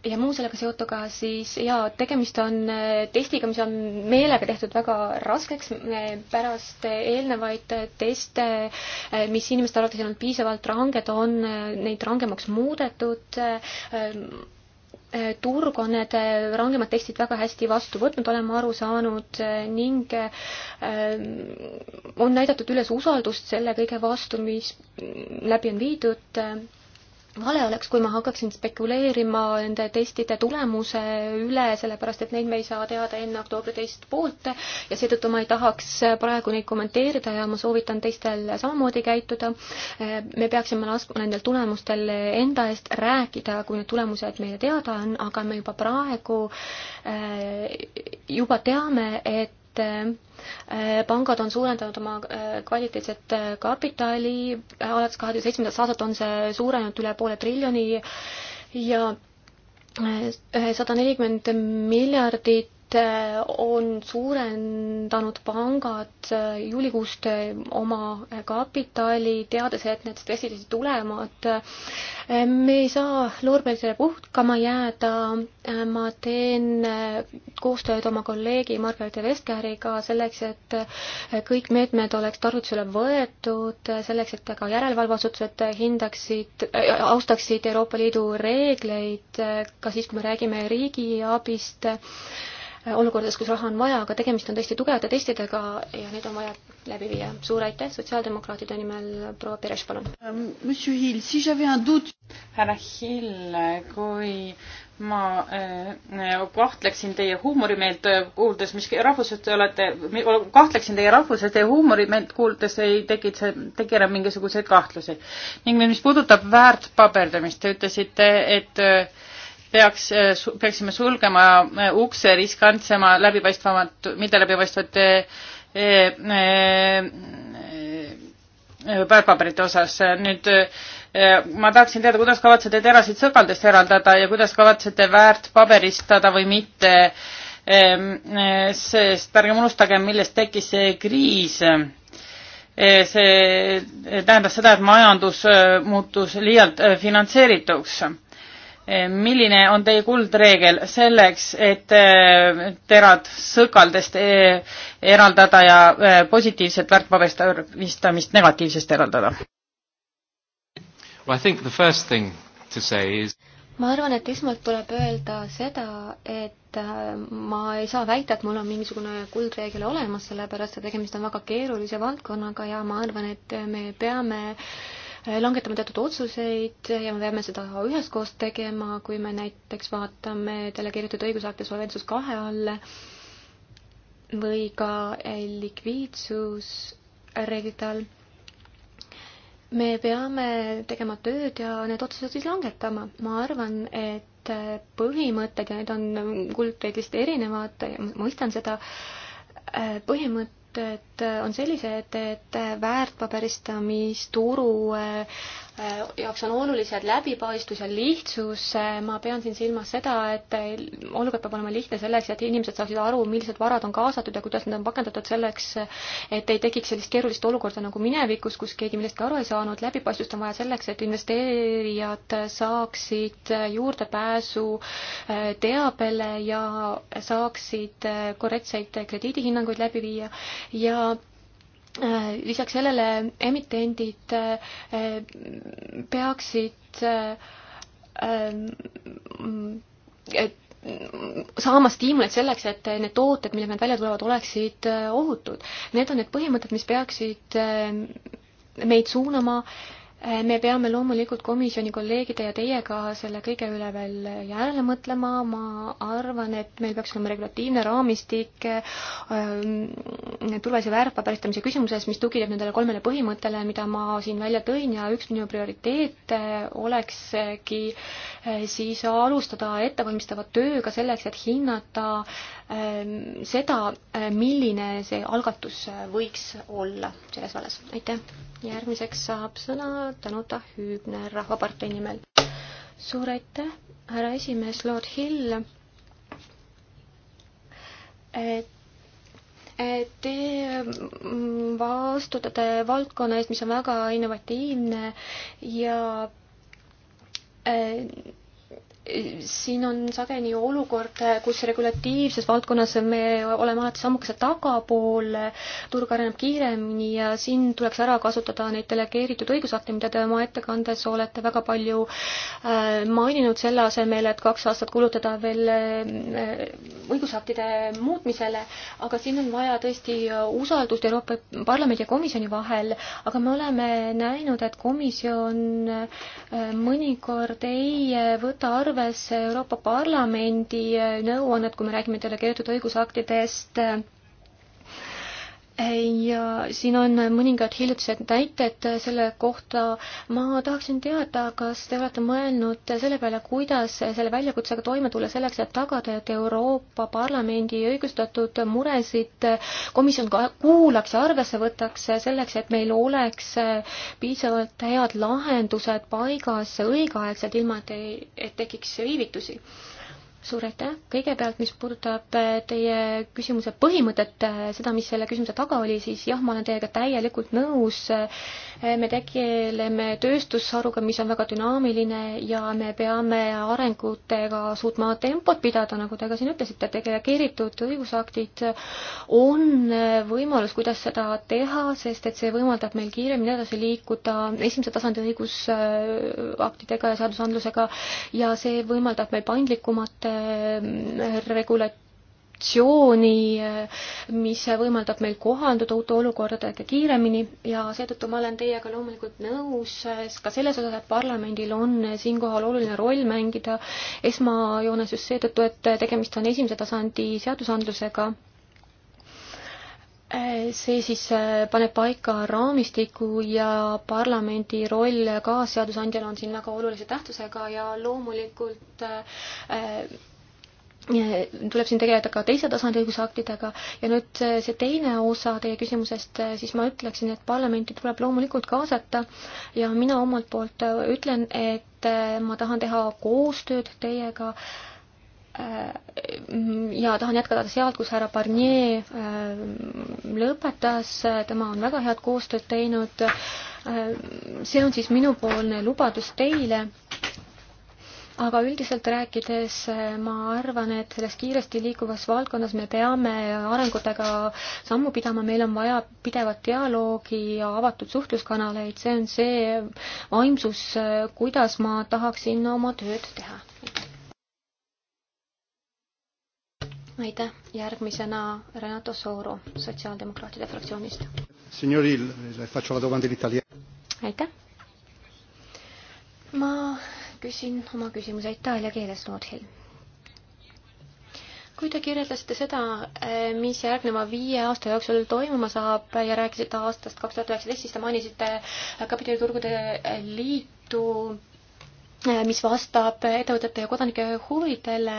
ja muu sellega seotuga, siis jaa, tegemist on äh, testiga, mis on meelega tehtud väga raskeks äh, pärast eelnevaid teste, äh, mis inimeste arvates ei olnud piisavalt ranged, on neid rangemaks muudetud. turg on need rangemad testid väga hästi vastu võtnud, oleme aru saanud ning on näidatud üles usaldust selle kõige vastu, mis läbi on viidud vale oleks, kui ma hakkaksin spekuleerima nende testide tulemuse üle, sellepärast et neid me ei saa teada enne oktoobri teist poolt ja seetõttu ma ei tahaks praegu neid kommenteerida ja ma soovitan teistel samamoodi käituda. me peaksime laskma nendel tulemustel enda eest rääkida, kui need tulemused meile teada on, aga me juba praegu äh, juba teame, et et äh, pangad on suurendanud oma äh, kvaliteetset äh, kapitali, alates kahe tuhande seitsmendast aastast on see suurenenud üle poole triljoni ja sada nelikümmend miljardit Äh, on suurendanud pangad äh, juulikuust äh, oma kapitali, teades, et need stressilised tulevad. me ei saa loorberitele puhkama jääda. ma teen koostööd oma kolleegi Margareete Vestkäriga selleks, et kõik meetmed oleks tarvitusele võetud, selleks, et ka järelevalveasutused hindaksid, austaksid Euroopa Liidu reegleid, ka siis, kui me räägime riigiabist Äh, olukordades, kus raha on vaja, aga tegemist on tõesti tugevate testidega ja need on vaja läbi viia. suur aitäh, sotsiaaldemokraatide nimel proua Peres, palun. Ähm, härra Hill, kui ma äh, kahtleksin teie huumorimeelt äh, kuuldes, mis rahvusest te olete, kahtleksin teie rahvusest ja huumorimeelt kuuldes ei tekitse, tegi enam mingisuguseid kahtlusi. ning mis puudutab väärtpaberdamist, te ütlesite, et äh, peaks, eh, peaksime sulgema eh, ukse riskantsema, läbipaistvamat, mitte läbipaistvate eh, väärtpaberite osas. nüüd ma tahaksin teada, kuidas kavatsete terasid sõkaldest eraldada ja kuidas kavatsete väärtpaberistada või mitte, ehm, sest ärgem unustagem, millest tekkis see kriis. see tähendas seda, et majandus muutus liialt finantseerituks milline on teie kuldreegel selleks, et äh, terad sõkaldest äh, eraldada ja äh, positiivset väärtpaberistamist negatiivsest eraldada? Well, I think the first thing to say is ma arvan, et esmalt tuleb öelda seda, et ma ei saa väita, et mul on mingisugune kuldreegel olemas, sellepärast et tegemist on väga keerulise valdkonnaga ja ma arvan, et me peame äh, Äh, langetame teatud otsuseid ja me peame seda üheskoos tegema, kui me näiteks vaatame delegeeritud õigusakte solventsus kahe all või ka likviidsusreeglite all. me peame tegema tööd ja need otsused siis langetama. ma arvan, et põhimõtted ja need on kuldreeglist erinevad, mõistan seda, äh, põhimõtted mõtted on sellised, et väärtpaberistamisturu äh, Äh, jaoks on olulised läbipaistvus ja lihtsus. Äh, ma pean siin silmas seda, et äh, olukord peab olema lihtne selleks, et inimesed saaksid aru, millised varad on kaasatud ja kuidas need on pakendatud selleks, et ei tekiks sellist keerulist olukorda nagu minevikus, kus keegi millestki aru ei saanud. läbipaistvust on vaja selleks, et investeerijad saaksid juurdepääsu teabele ja saaksid korrektseid krediidihinnanguid läbi viia ja Äh, lisaks sellele emitendid äh, peaksid äh, saama stiimuleid selleks, et need tooted, millega nad välja tulevad, oleksid ohutud. Need on need põhimõtted, mis peaksid meid suunama äh, me peame loomulikult komisjoni kolleegide ja teiega selle kõige üle veel järele mõtlema, ma arvan, et meil peaks olema regulatiivne raamistik ähm, tulves ja väärpa päristamise küsimuses, mis tugineb nendele kolmele põhimõttele, mida ma siin välja tõin ja üks minu prioriteete olekski äh, siis alustada ettevalmistava tööga selleks, et hinnata ähm, seda, äh, milline see algatus võiks olla selles vallas. aitäh! järgmiseks saab sõna Danuta Hüübner Rahvapartei nimel. suur aitäh, härra esimees, Lord Hill. et Te mm, vastutate valdkonna eest, mis on väga innovatiivne ja äh, siin on sageli olukord, kus regulatiivses valdkonnas me oleme alati sammukese tagapool, turg areneb kiiremini ja siin tuleks ära kasutada neid delegeeritud õigusakte, mida te oma ettekandes olete väga palju äh, maininud, selle asemel, et kaks aastat kulutada veel äh, õigusaktide muutmisele, aga siin on vaja tõesti usaldust Euroopa Parlamendi ja komisjoni vahel, aga me oleme näinud, et komisjon äh, mõnikord ei võta arvesse arvesse Euroopa Parlamendi nõuannet, kui me räägime delegeeritud õigusaktidest äh, ja siin on mõningad hiljutised näited selle kohta. ma tahaksin teada, kas te olete mõelnud selle peale, kuidas selle väljakutsega toime tulla selleks, et tagada, et Euroopa Parlamendi õigustatud muresid komisjon ka kuulaks ja arvesse võtaks selleks, et meil oleks piisavalt head lahendused paigas õigeaegselt, ilma et, et tekiks viivitusi suur aitäh, kõigepealt, mis puudutab äh, teie küsimuse põhimõtet, äh, seda, mis selle küsimuse taga oli, siis jah, ma olen teiega täielikult nõus. Äh, me tegeleme tööstusharuga, mis on väga dünaamiline ja me peame arengutega suutma tempot pidada, nagu te ka siin ütlesite, delegeeritud õigusaktid on võimalus, kuidas seda teha, sest et see võimaldab meil kiiremini edasi liikuda esimese tasandi õigusaktidega ja seadusandlusega ja see võimaldab meil paindlikumat Äh, regulatsiooni, äh, mis võimaldab meil kohanduda uute olukordadega kiiremini ja seetõttu ma olen teiega loomulikult nõus äh, ka selles osas, et parlamendil on siinkohal oluline roll mängida esmajoones just seetõttu, et tegemist on esimese tasandi seadusandlusega Eh, see siis eh, paneb paika raamistiku ja parlamendi roll kaasseadusandjana on siin väga olulise tähtsusega ja loomulikult eh, tuleb siin tegeleda ka teise tasandi õigusaktidega ja nüüd see teine osa teie küsimusest, siis ma ütleksin, et parlamenti tuleb loomulikult kaasata ja mina omalt poolt ütlen, et ma tahan teha koostööd teiega äh, Äh, ja tahan jätkata sealt, kus härra Barnier äh, lõpetas, tema on väga head koostööd teinud. Äh, see on siis minupoolne lubadus teile. aga üldiselt rääkides ma arvan, et selles kiiresti liikuvas valdkonnas me peame arengutega sammu pidama, meil on vaja pidevat dialoogi ja avatud suhtluskanaleid, see on see vaimsus, kuidas ma tahaksin oma tööd teha. aitäh, järgmisena Renato Sooro Sotsiaaldemokraatide fraktsioonist. aitäh. ma küsin oma küsimuse itaalia keeles, Nordhill kui te kirjeldasite seda, eh, mis järgneva viie aasta jooksul toimuma saab ja rääkisite aastast kaks tuhat üheksateist, siis te mainisite kapitaliturgude liitu Äh, mis vastab ettevõtete ja kodanike huvidele.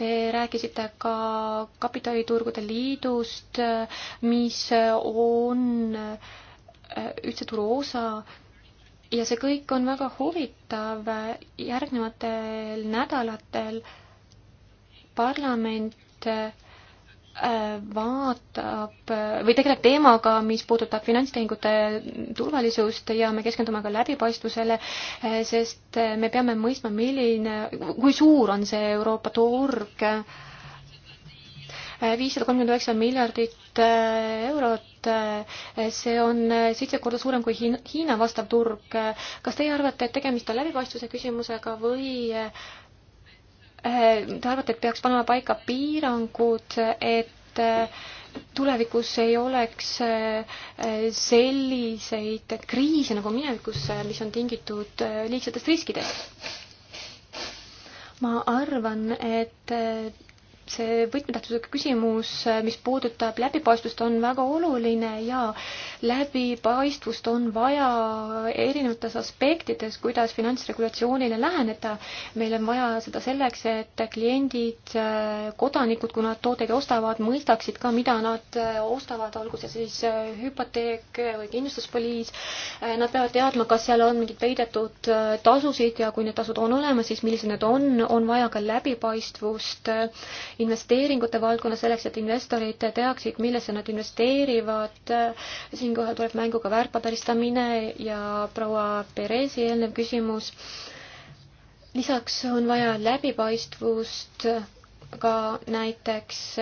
Te rääkisite ka kapitaliturgude liidust, mis on äh, ühtse turu osa ja see kõik on väga huvitav. järgnevatel nädalatel parlament äh, vaatab või tegeleb teemaga, mis puudutab finantstehingute turvalisust ja me keskendume ka läbipaistvusele, eh, sest eh, me peame mõistma, milline, kui suur on see Euroopa turg. Eh, viissada kolmkümmend üheksa miljardit eurot, see on seitse korda suurem kui Hiina, Hiina vastav turg. kas teie arvate, et tegemist on läbipaistvuse küsimusega või Äh, te arvate, et peaks panema paika piirangud, et äh, tulevikus ei oleks äh, selliseid kriise nagu minevikus, mis on tingitud liigsetest riskidest. ma arvan, et see võtmetähtsusega küsimus, mis puudutab läbipaistvust, on väga oluline ja läbipaistvust on vaja erinevates aspektides, kuidas finantsregulatsioonile läheneda. meil on vaja seda selleks, et kliendid, kodanikud, kui nad tooteid ostavad, mõistaksid ka, mida nad ostavad, olgu see siis hüpoteek või kindlustuspoliis. Nad peavad teadma, kas seal on mingeid peidetud tasusid ja kui need tasud on olemas, siis millised need on, on vaja ka läbipaistvust investeeringute valdkonnas, selleks et investorid teaksid, millesse nad investeerivad. siinkohal tuleb mängu ka väärtpaberistamine ja proua Perezi eelnev küsimus. lisaks on vaja läbipaistvust ka näiteks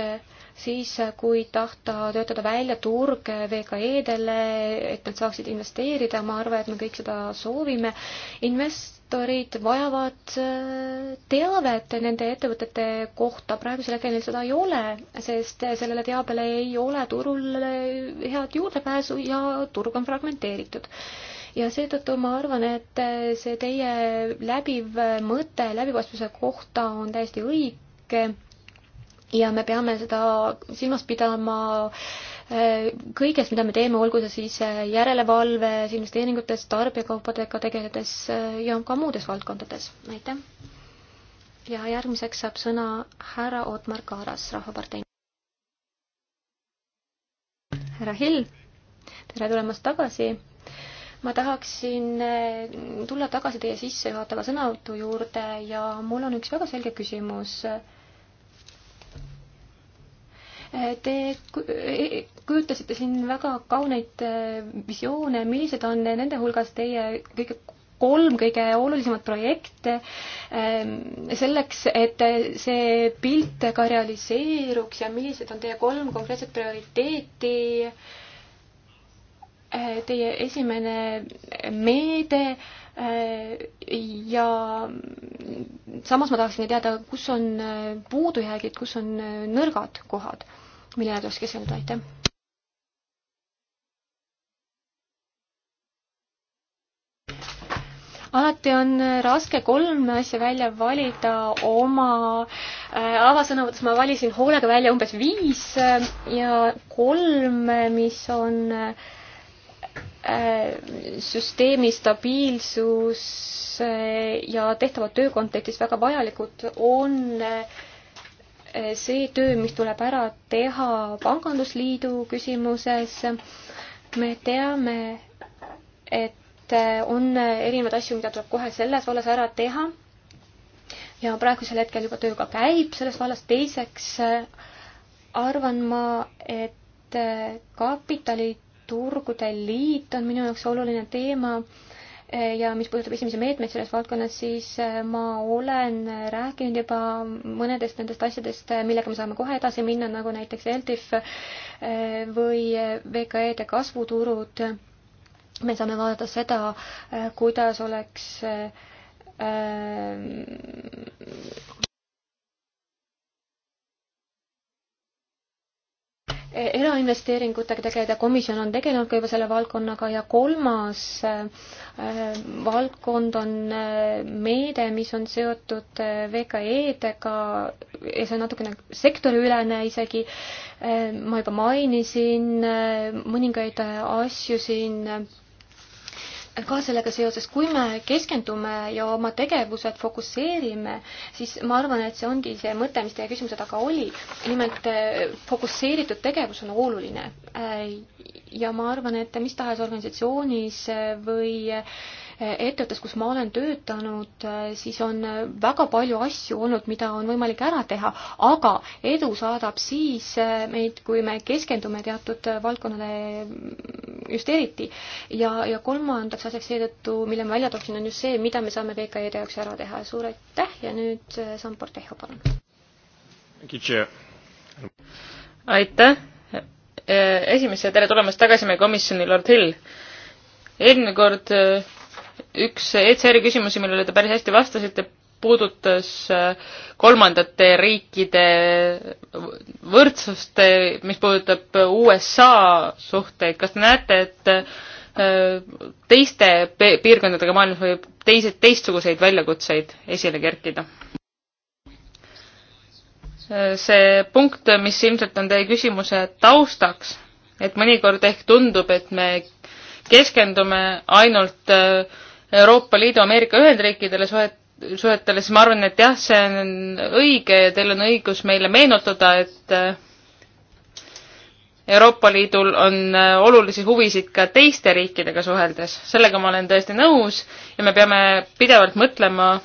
siis, kui tahta töötada välja turg VKE-dele, et nad saaksid investeerida, ma arvan, et me kõik seda soovime. Invest-, investorid vajavad äh, teavet nende ettevõtete kohta, praegusel hetkel neil seda ei ole, sest sellele teabele ei ole turul äh, head juurdepääsu ja turg on fragmenteeritud. ja seetõttu ma arvan, et äh, see teie läbiv mõte läbipaistvuse kohta on täiesti õige ja me peame seda silmas pidama äh, kõiges, mida me teeme, olgu see siis äh, järelevalves, investeeringutes, tarbijakaupadega tegeledes äh, ja ka muudes valdkondades. aitäh! ja järgmiseks saab sõna härra Otmar Kaaras, Rahvapartei. härra Hill, tere tulemast tagasi! ma tahaksin äh, tulla tagasi teie sissejuhatava sõnavõtu juurde ja mul on üks väga selge küsimus Te e-, kujutasite siin väga kauneid e, visioone, millised on nende hulgas teie kõige kolm kõige olulisemat projekte selleks, et see pilt ka realiseeruks ja millised on teie kolm konkreetset prioriteeti? E, teie esimene meede äh, ja samas ma tahaksin teada, kus on puudujäägid, kus on nõrgad kohad, millele tuleks keskenduda, aitäh. alati on raske kolm asja välja valida oma äh, avasõnavõtus ma valisin hoolega välja umbes viis äh, ja kolm, mis on äh, Äh, süsteemi stabiilsus ja tehtavad töö kontekstis väga vajalikud, on äh, see töö, mis tuleb ära teha Pangandusliidu küsimuses. me teame, et äh, on erinevaid asju, mida tuleb kohe selles vallas ära teha. ja praegusel hetkel juba töö ka käib selles vallas. teiseks arvan ma, et kapitali turgude liit on minu jaoks oluline teema ja mis puudutab esimesi meetmeid selles valdkonnas, siis äh, ma olen rääkinud juba mõnedest nendest asjadest, äh, millega me saame kohe edasi minna, nagu näiteks LTIF äh, või VKE-de kasvuturud. me saame vaadata seda, kuidas oleks E, erainvesteeringutega tegeleda, komisjon on tegelenud ka juba selle valdkonnaga ja kolmas e, e, valdkond on meede, mis on seotud VKE-dega ja see on natukene sektoriülene isegi. ma juba mainisin mõningaid asju siin ka sellega seoses, kui me keskendume ja oma tegevused fokusseerime, siis ma arvan, et see ongi see mõte, mis teie küsimuse taga oli. nimelt eh, fokusseeritud tegevus on oluline. Eh, ja ma arvan, et mis tahes organisatsioonis eh, või äh, ettevõttes, kus ma olen töötanud, siis on väga palju asju olnud, mida on võimalik ära teha, aga edu saadab siis meid, kui me keskendume teatud valdkonnale just eriti. ja, ja kolmandaks asjaks seetõttu, mille ma välja tooksin, on just see, mida me saame VKE-de jaoks ära teha. suur aitäh ja nüüd äh, Sampor Tehho, palun. aitäh äh, esimesse tere tulemast tagasi meie komisjoni, Lord Hill. eelmine kord äh, üks ECR-i küsimusi, millele te päris hästi vastasite, puudutas äh, kolmandate riikide võrdsust, mis puudutab USA suhteid. kas te näete, et äh, teiste piirkondadega maailmas võib teised, teistsuguseid väljakutseid esile kerkida? Äh, see punkt, mis ilmselt on teie küsimuse taustaks, et mõnikord ehk tundub, et me keskendume ainult äh, Euroopa Liidu Ameerika Ühendriikidele suhet-, suhetele, siis ma arvan, et jah, see on õige ja teil on õigus meile meenutada, et äh, Euroopa Liidul on äh, olulisi huvisid ka teiste riikidega suheldes. sellega ma olen täiesti nõus ja me peame pidevalt mõtlema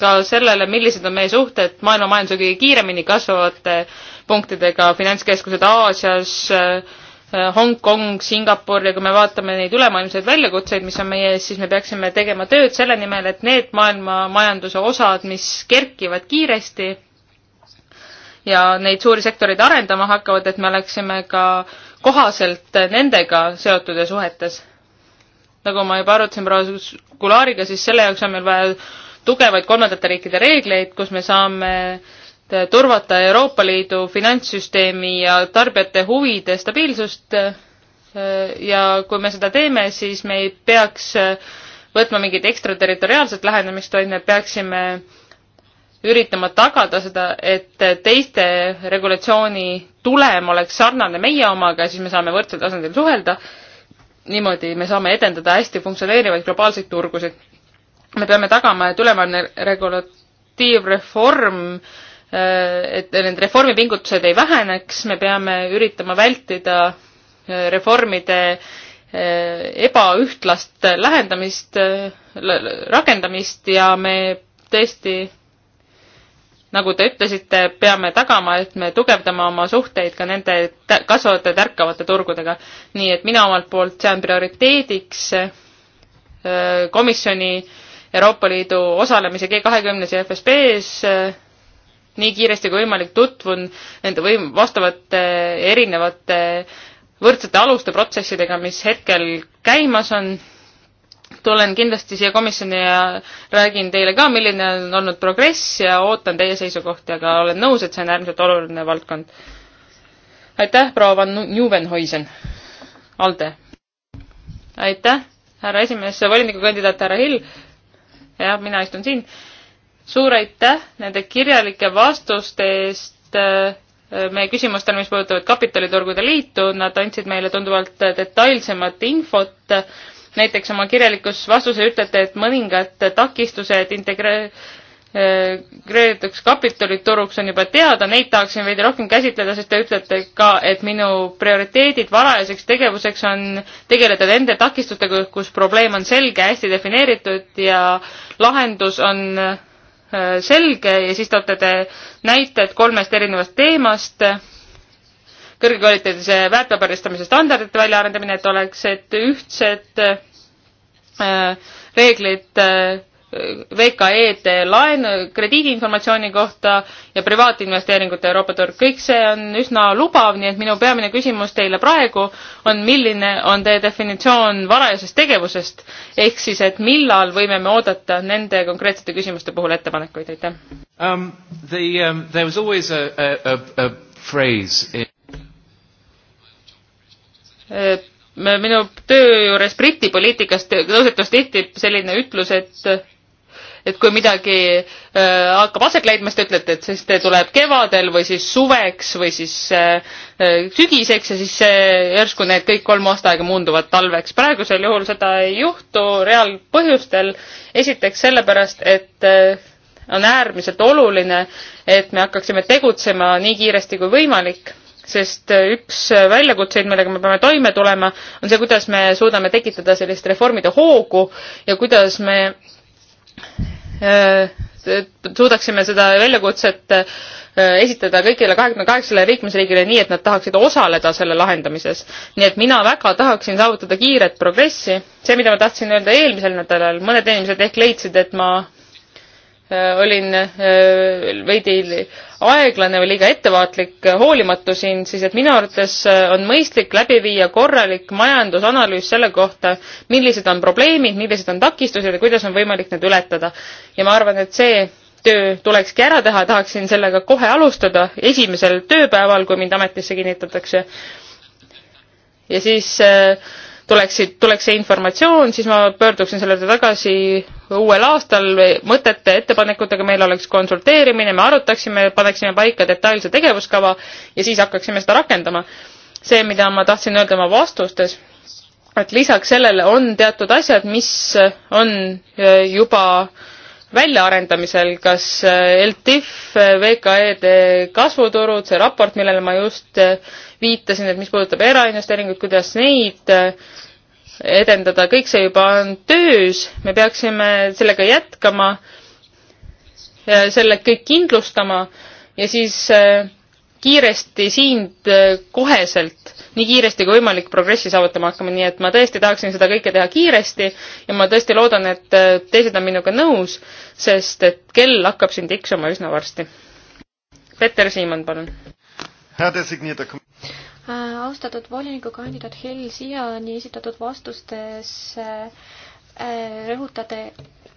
ka sellele, millised on meie suhted maailma majanduse kõige kiiremini kasvavate punktidega, finantskeskused Aasias äh,, Äh, Hongkong, Singapur ja kui me vaatame neid ülemaailmseid väljakutseid, mis on meie ees, siis me peaksime tegema tööd selle nimel, et need maailma majanduse osad, mis kerkivad kiiresti ja neid suuri sektoreid arendama hakkavad, et me oleksime ka kohaselt nendega seotud ja suhetes. nagu ma juba arutasin praegu Kulaariga, siis selle jaoks on meil vaja tugevaid kolmandate riikide reegleid, kus me saame äh, turvata Euroopa Liidu finantssüsteemi ja tarbijate huvide stabiilsust äh, ja kui me seda teeme, siis me ei peaks äh, võtma mingit ekstraterritoriaalset lähenemist, vaid me peaksime üritama tagada seda, et teiste regulatsiooni tulem oleks sarnane meie omaga ja siis me saame võrdsel tasandil suhelda. niimoodi me saame edendada hästi funktsioneerivaid globaalseid turgusid. me peame tagama, et ülemaailmne regulatiivreform äh, Äh, et need reformipingutused ei väheneks, me peame üritama vältida äh, reformide äh, ebaühtlast lähendamist, rakendamist ja me tõesti, nagu te ütlesite, peame tagama, et me tugevdame oma suhteid ka nende kasvavate tärkavate turgudega. nii et mina omalt poolt sean prioriteediks komisjoni Euroopa Liidu osalemise G kahekümnes ja FSB-s nii kiiresti kui võimalik tutvun nende võim-, vastavate erinevate võrdsete aluste protsessidega, mis hetkel käimas on. tulen kindlasti siia komisjoni ja räägin teile ka, milline on olnud progress ja ootan teie seisukohti, aga olen nõus, et see on äärmiselt oluline valdkond. aitäh, proua Van Nieuwenhuisen. Alde. aitäh, härra esimees, volinikukandidaat härra Hill. jah, mina istun siin suur aitäh nende kirjalike vastuste eest äh, meie küsimustele, mis puudutavad kapitaliturgude liitu, nad andsid meile tunduvalt detailsemat infot. näiteks oma kirjalikus vastuses ütlete, et mõningad takistused integre-, kreeduks äh, kapitaliturguks on juba teada, neid tahaksin veidi rohkem käsitleda, sest te ütlete ka, et minu prioriteedid varajaseks tegevuseks on tegeleda nende takistustega, kus probleem on selge, hästi defineeritud ja lahendus on äh, Äh, selge ja siis toote te näited kolmest erinevast teemast, kõrgekvaliteedilise väärtpaberistamise standardite väljaarendamine, et oleks, et ühtsed äh, reeglid äh, VKE-d laenu, krediidiinformatsiooni kohta ja privaatinvesteeringute Euroopa turg, kõik see on üsna lubav, nii et minu peamine küsimus teile praegu on, milline on teie definitsioon varajasest tegevusest, ehk siis, et millal võime me oodata nende konkreetsete küsimuste puhul ettepanekuid, aitäh um,? The um,, there was always a, a, a, a phrase in... Uh, minu töö juures Briti poliitikas tõusetus tihti selline ütlus, et et kui midagi äh, hakkab aset leidma, siis te ütlete, et siis te tuleb kevadel või siis suveks või siis äh, äh sügiseks ja siis see äh, järsku need kõik kolm aastaaega muunduvad talveks. praegusel juhul seda ei juhtu reaalpõhjustel. esiteks sellepärast, et äh, on äärmiselt oluline, et me hakkaksime tegutsema nii kiiresti kui võimalik sest äh, üks äh, väljakutseid, millega me peame toime tulema, on see, kuidas me suudame tekitada sellist reformide hoogu ja kuidas me Äh, suudaksime seda väljakutset äh, esitada kõigile kahekümne kaheksale liikmesriigile nii, et nad tahaksid osaleda selle lahendamises. nii et mina väga tahaksin saavutada kiiret progressi. see, mida ma tahtsin öelda eelmisel nädalal, mõned inimesed ehk leidsid, et ma Äh, olin äh, veidi aeglane või liiga ettevaatlik äh, hoolimatu siin, siis et minu arvates on mõistlik läbi viia korralik majandusanalüüs selle kohta, millised on probleemid, millised on takistused ja kuidas on võimalik need ületada. ja ma arvan, et see töö tulekski ära teha, tahaksin sellega kohe alustada, esimesel tööpäeval, kui mind ametisse kinnitatakse. ja siis äh, tuleksid, tuleks see informatsioon, siis ma pöörduksin selle juurde tagasi uuel aastal mõtete, ettepanekutega, meil oleks konsulteerimine, me arutaksime, paneksime paika detailse tegevuskava ja siis hakkaksime seda rakendama. see, mida ma tahtsin öelda oma vastustes, et lisaks sellele on teatud asjad, mis on eh, juba äh, väljaarendamisel, kas äh, LTIF, äh, VKE-d kasvuturud, see raport, millele ma just äh, viitasin, et mis puudutab erainvesteeringuid, kuidas neid edendada, kõik see juba on töös, me peaksime sellega jätkama, selle kõik kindlustama ja siis kiiresti sind äh, koheselt, nii kiiresti kui võimalik progressi saavutama hakkama, nii et ma tõesti tahaksin seda kõike teha kiiresti ja ma tõesti loodan, et äh, teised on minuga nõus, sest et kell hakkab siin tiksuma üsna varsti. Peeter Siimann, palun. Äh, austatud volinikukandidaat Hell, siiani esitatud vastustes rõhutate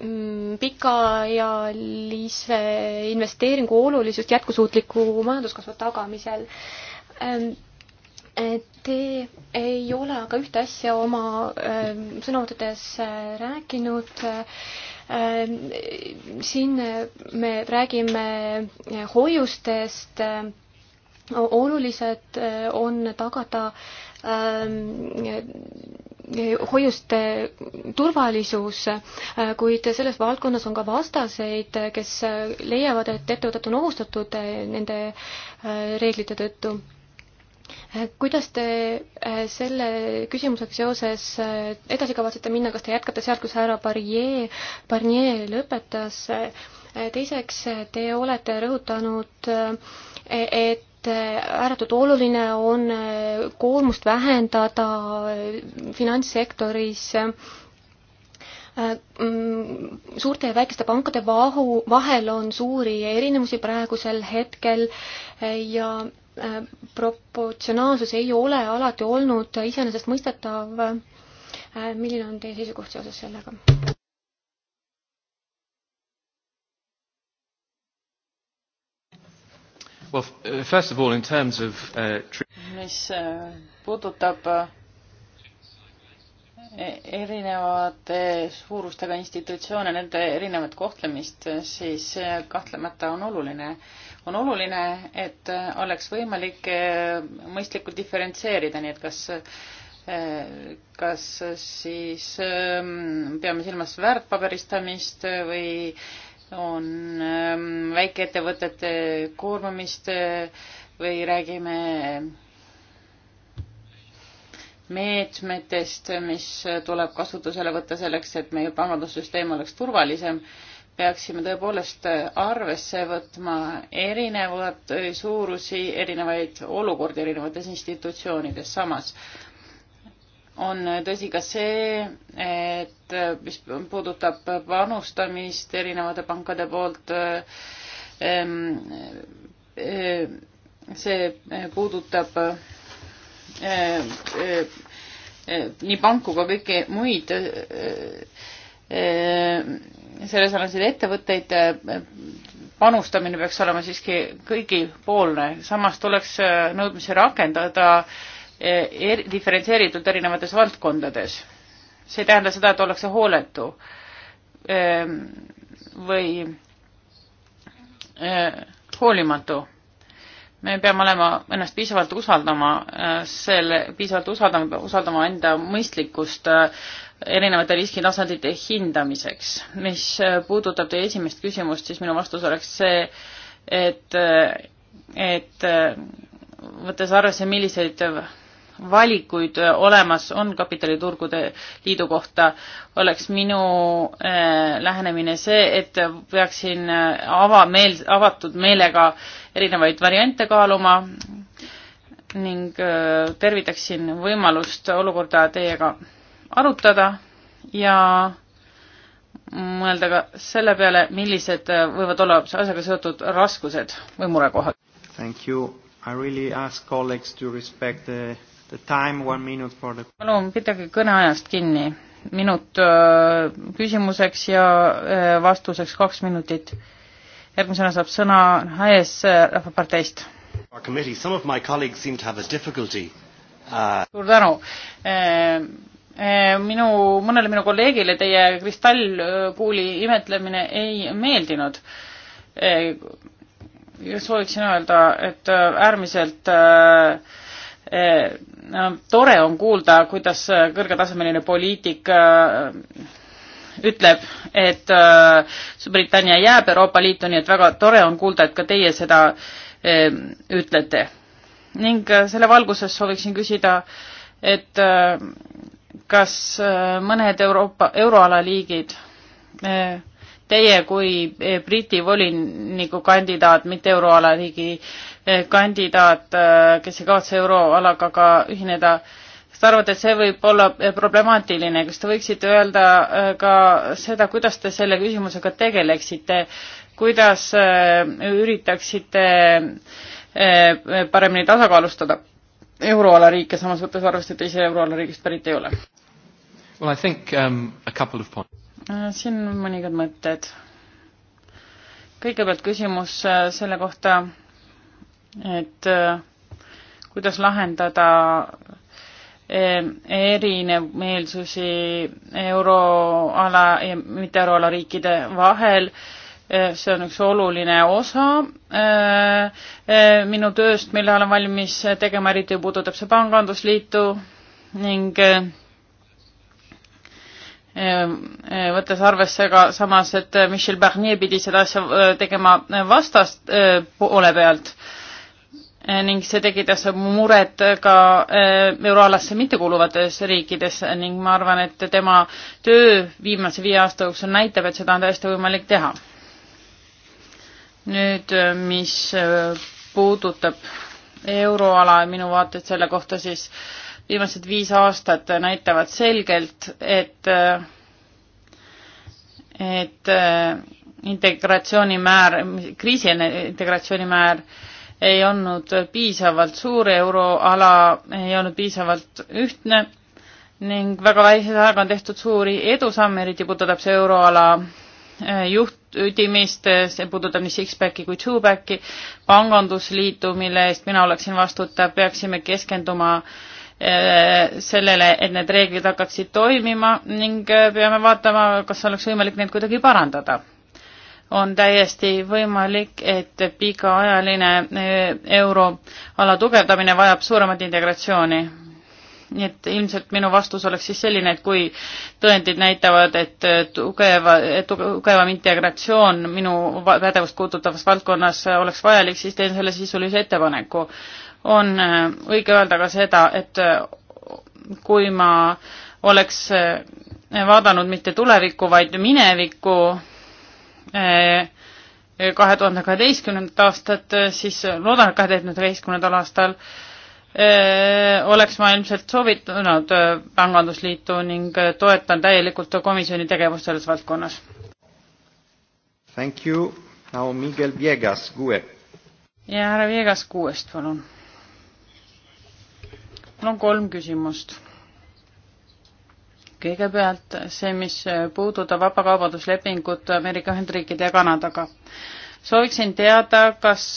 Mm, pikaajalise investeeringu olulisust jätkusuutliku majanduskasvu tagamisel. Ähm, te ei ole aga ühte asja oma ähm, sõnavõttudes äh, rääkinud ähm, siin me räägime äh, hoiustest, äh, olulised on tagada hoiuste turvalisus, kuid selles valdkonnas on ka vastaseid, kes leiavad, et ettevõtted on ohustatud eh, nende eh, reeglite tõttu kuidas te eh, selle küsimusega seoses edasi kavatsete minna, kas te jätkate sealt, kus härra Barnier, Barnier lõpetas? teiseks, te olete rõhutanud, et et ääretult oluline on koormust vähendada finantssektoris mm, suurte ja väikeste pankade vahu, vahel on suuri erinevusi praegusel hetkel ja äh, proportsionaalsus ei ole alati olnud iseenesestmõistetav. Äh, milline on teie seisukoht seoses sellega? Well, uh, first of all, in terms of uh, mis uh, puudutab uh, e, erinevate suurustega institutsioone, nende erinevat kohtlemist, siis kahtlemata on oluline, on oluline, et oleks võimalik mõistlikult diferentseerida, nii et kas, kas siis um, peame silmas väärtpaberistamist või äh, on ähm, väikeettevõtete koormamist äh, või räägime meetmetest, mis tuleb kasutusele võtta selleks, et meie pangandussüsteem oleks turvalisem, peaksime tõepoolest arvesse võtma erinevat suurusi, erinevaid olukordi erinevates institutsioonides. samas on äh, tõsi ka see, et äh, mis puudutab panustamist erinevate pankade poolt, äh, ähm, see puudutab nii panku kui kõiki muid sellesarnaseid ettevõtteid, panustamine peaks olema siiski kõigipoolne, samas tuleks nõudmisi rakendada äh, Eh, er, diferentseeritult erinevates valdkondades. see ei tähenda seda, et ollakse hooletu ehm, või eh, hoolimatu. me peame olema ennast piisavalt usaldama, eh, selle, piisavalt usaldama, usaldama enda mõistlikkust erinevate riskitasandite hindamiseks. mis puudutab teie esimest küsimust, siis minu vastus oleks see, et, et võttes arvesse, milliseid valikuid äh, olemas on kapitaliturgude liidu kohta, oleks minu äh, lähenemine see, et peaksin äh, avameel, avatud meelega erinevaid variante kaaluma ning tervitaksin võimalust olukorda teiega arutada ja mõelda ka selle peale, millised võivad olla asjaga seotud raskused või murekohad. Thank you. I really ask colleagues to respect the palun pidage kõneajast kinni, minut äh, küsimuseks ja äh, vastuseks kaks minutit. järgmisena saab sõna HS äh, Rahvaparteist. Uh, suur tänu. minu, mõnele minu kolleegile teie kristallkuuli imetlemine ei meeldinud sooviksin öelda, et äärmiselt äh, Äh, tore on kuulda, kuidas äh, kõrgetasemeline poliitik äh, ütleb, et Suurbritannia jääb Euroopa Liitu, nii et väga tore on kuulda, et ka teie seda ütlete. ning selle valguses sooviksin küsida, et kas mõned Euroopa, euroala liigid teie kui eh, Briti voliniku kandidaat, mitte euroala riigi eh, kandidaat, eh, kes ei kavatse euroalaga ka ühineda, kas te arvate, et see võib olla problemaatiline, kas te võiksite öelda ka seda, kuidas te selle küsimusega tegeleksite, kuidas üritaksite paremini tasakaalustada euroala riike, samas võttes arvestada ise euroala riigist pärit ei ole? Well, I think um, a couple of points Äh, siin mõningad mõtted. kõigepealt küsimus äh, selle kohta, et äh, kuidas lahendada erinevmeelsusi euroala ja mitte euroala riikide vahel. see on üks oluline osa minu tööst, mille olen valmis tegema, eriti puudutab see pangandusliitu ning Ehm, eh, võttes arvesse ka samas, et eh, Michel Barnier pidi seda asja eh, tegema vastast poole pealt ning see tekitas muret ka euroalasse mittekuuluvates riikides ning ma arvan, et tema töö viimase viie aasta jooksul näitab, et seda on täiesti võimalik teha. nüüd, mis puudutab euroala ja minu vaated selle kohta, siis äh, viimased viis aastat näitavad selgelt, et, et äh, integratsiooni määr, kriisieelne integratsiooni määr ei olnud piisavalt suur, euroala ei olnud piisavalt ühtne ning väga väikese ajaga on tehtud suuri edusamme, eriti puudutab see euroala äh, juhtimist, see puudutab nii Sixpacki kui Twopacki, pangandusliitu, mille eest mina oleksin vastutav, peaksime keskenduma äh, Äh, sellele, et need reeglid hakkaksid toimima ning äh, peame vaatama, kas oleks võimalik neid kuidagi parandada. on täiesti võimalik, et pikaajaline äh, euroala tugevdamine vajab suuremat integratsiooni. nii et ilmselt minu vastus oleks siis selline, et kui tõendid näitavad, et tugeva, tugevam integratsioon minu pädevust puudutavas valdkonnas oleks vajalik, siis teen selle sisulise ettepaneku on äh, õige öelda ka seda, et äh, kui ma oleks äh, vaadanud mitte tulevikku, vaid minevikku, kahe tuhande kaheteistkümnendat aastat, siis loodan, et kahe tuhande kaheteistkümnendal aastal öö, oleks ma ilmselt soovitanud Pangandusliitu ning toetan täielikult komisjoni tegevust selles valdkonnas. Thank you, now Miguel Viegas, GUE. ja härra Viegas GUE-st, palun mul on kolm küsimust. kõigepealt see, mis puudutab vabakaubanduslepingut Ameerika Ühendriikide ja Kanadaga. sooviksin teada, kas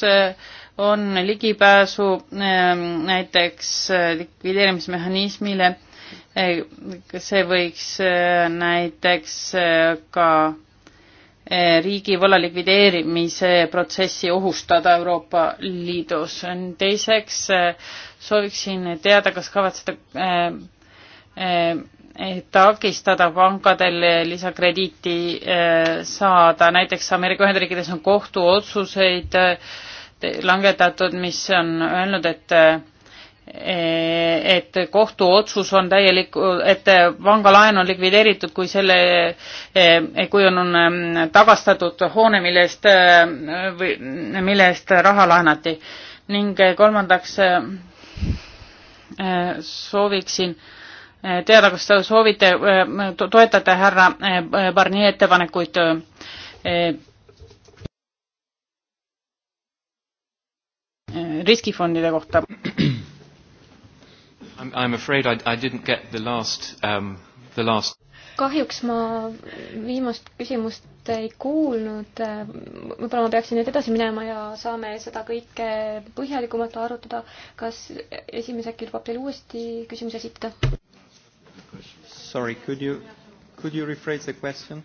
on ligipääsu ehm, näiteks likvideerimismehhanismile, see võiks ehm, näiteks ka riigivõla likvideerimise protsessi ohustada Euroopa Liidus. teiseks eh, sooviksin teada, kas kavatsete eh, eh, takistada pankadel lisakrediiti saada, näiteks Ameerika Ühendriikides on kohtuotsuseid langetatud, mis on öelnud, et Eh, et kohtuotsus on täielik, et pangalaen on likvideeritud, kui selle, eh, kui on, on mm, tagastatud hoone, mille eest, eh, mille eest raha laenati. ning kolmandaks sooviksin teada, kas te soovite, toetate härra Barnier ettepanekuid riskifondide kohta? I'm afraid I, I didn't get the last um,, the last. kahjuks ma viimast küsimust ei kuulnud. võib-olla ma peaksin nüüd edasi minema ja saame seda kõike põhjalikumalt arutada. kas esimees äkki lubab teil uuesti küsimuse esitada? Sorry, could you, could you rephrase the question?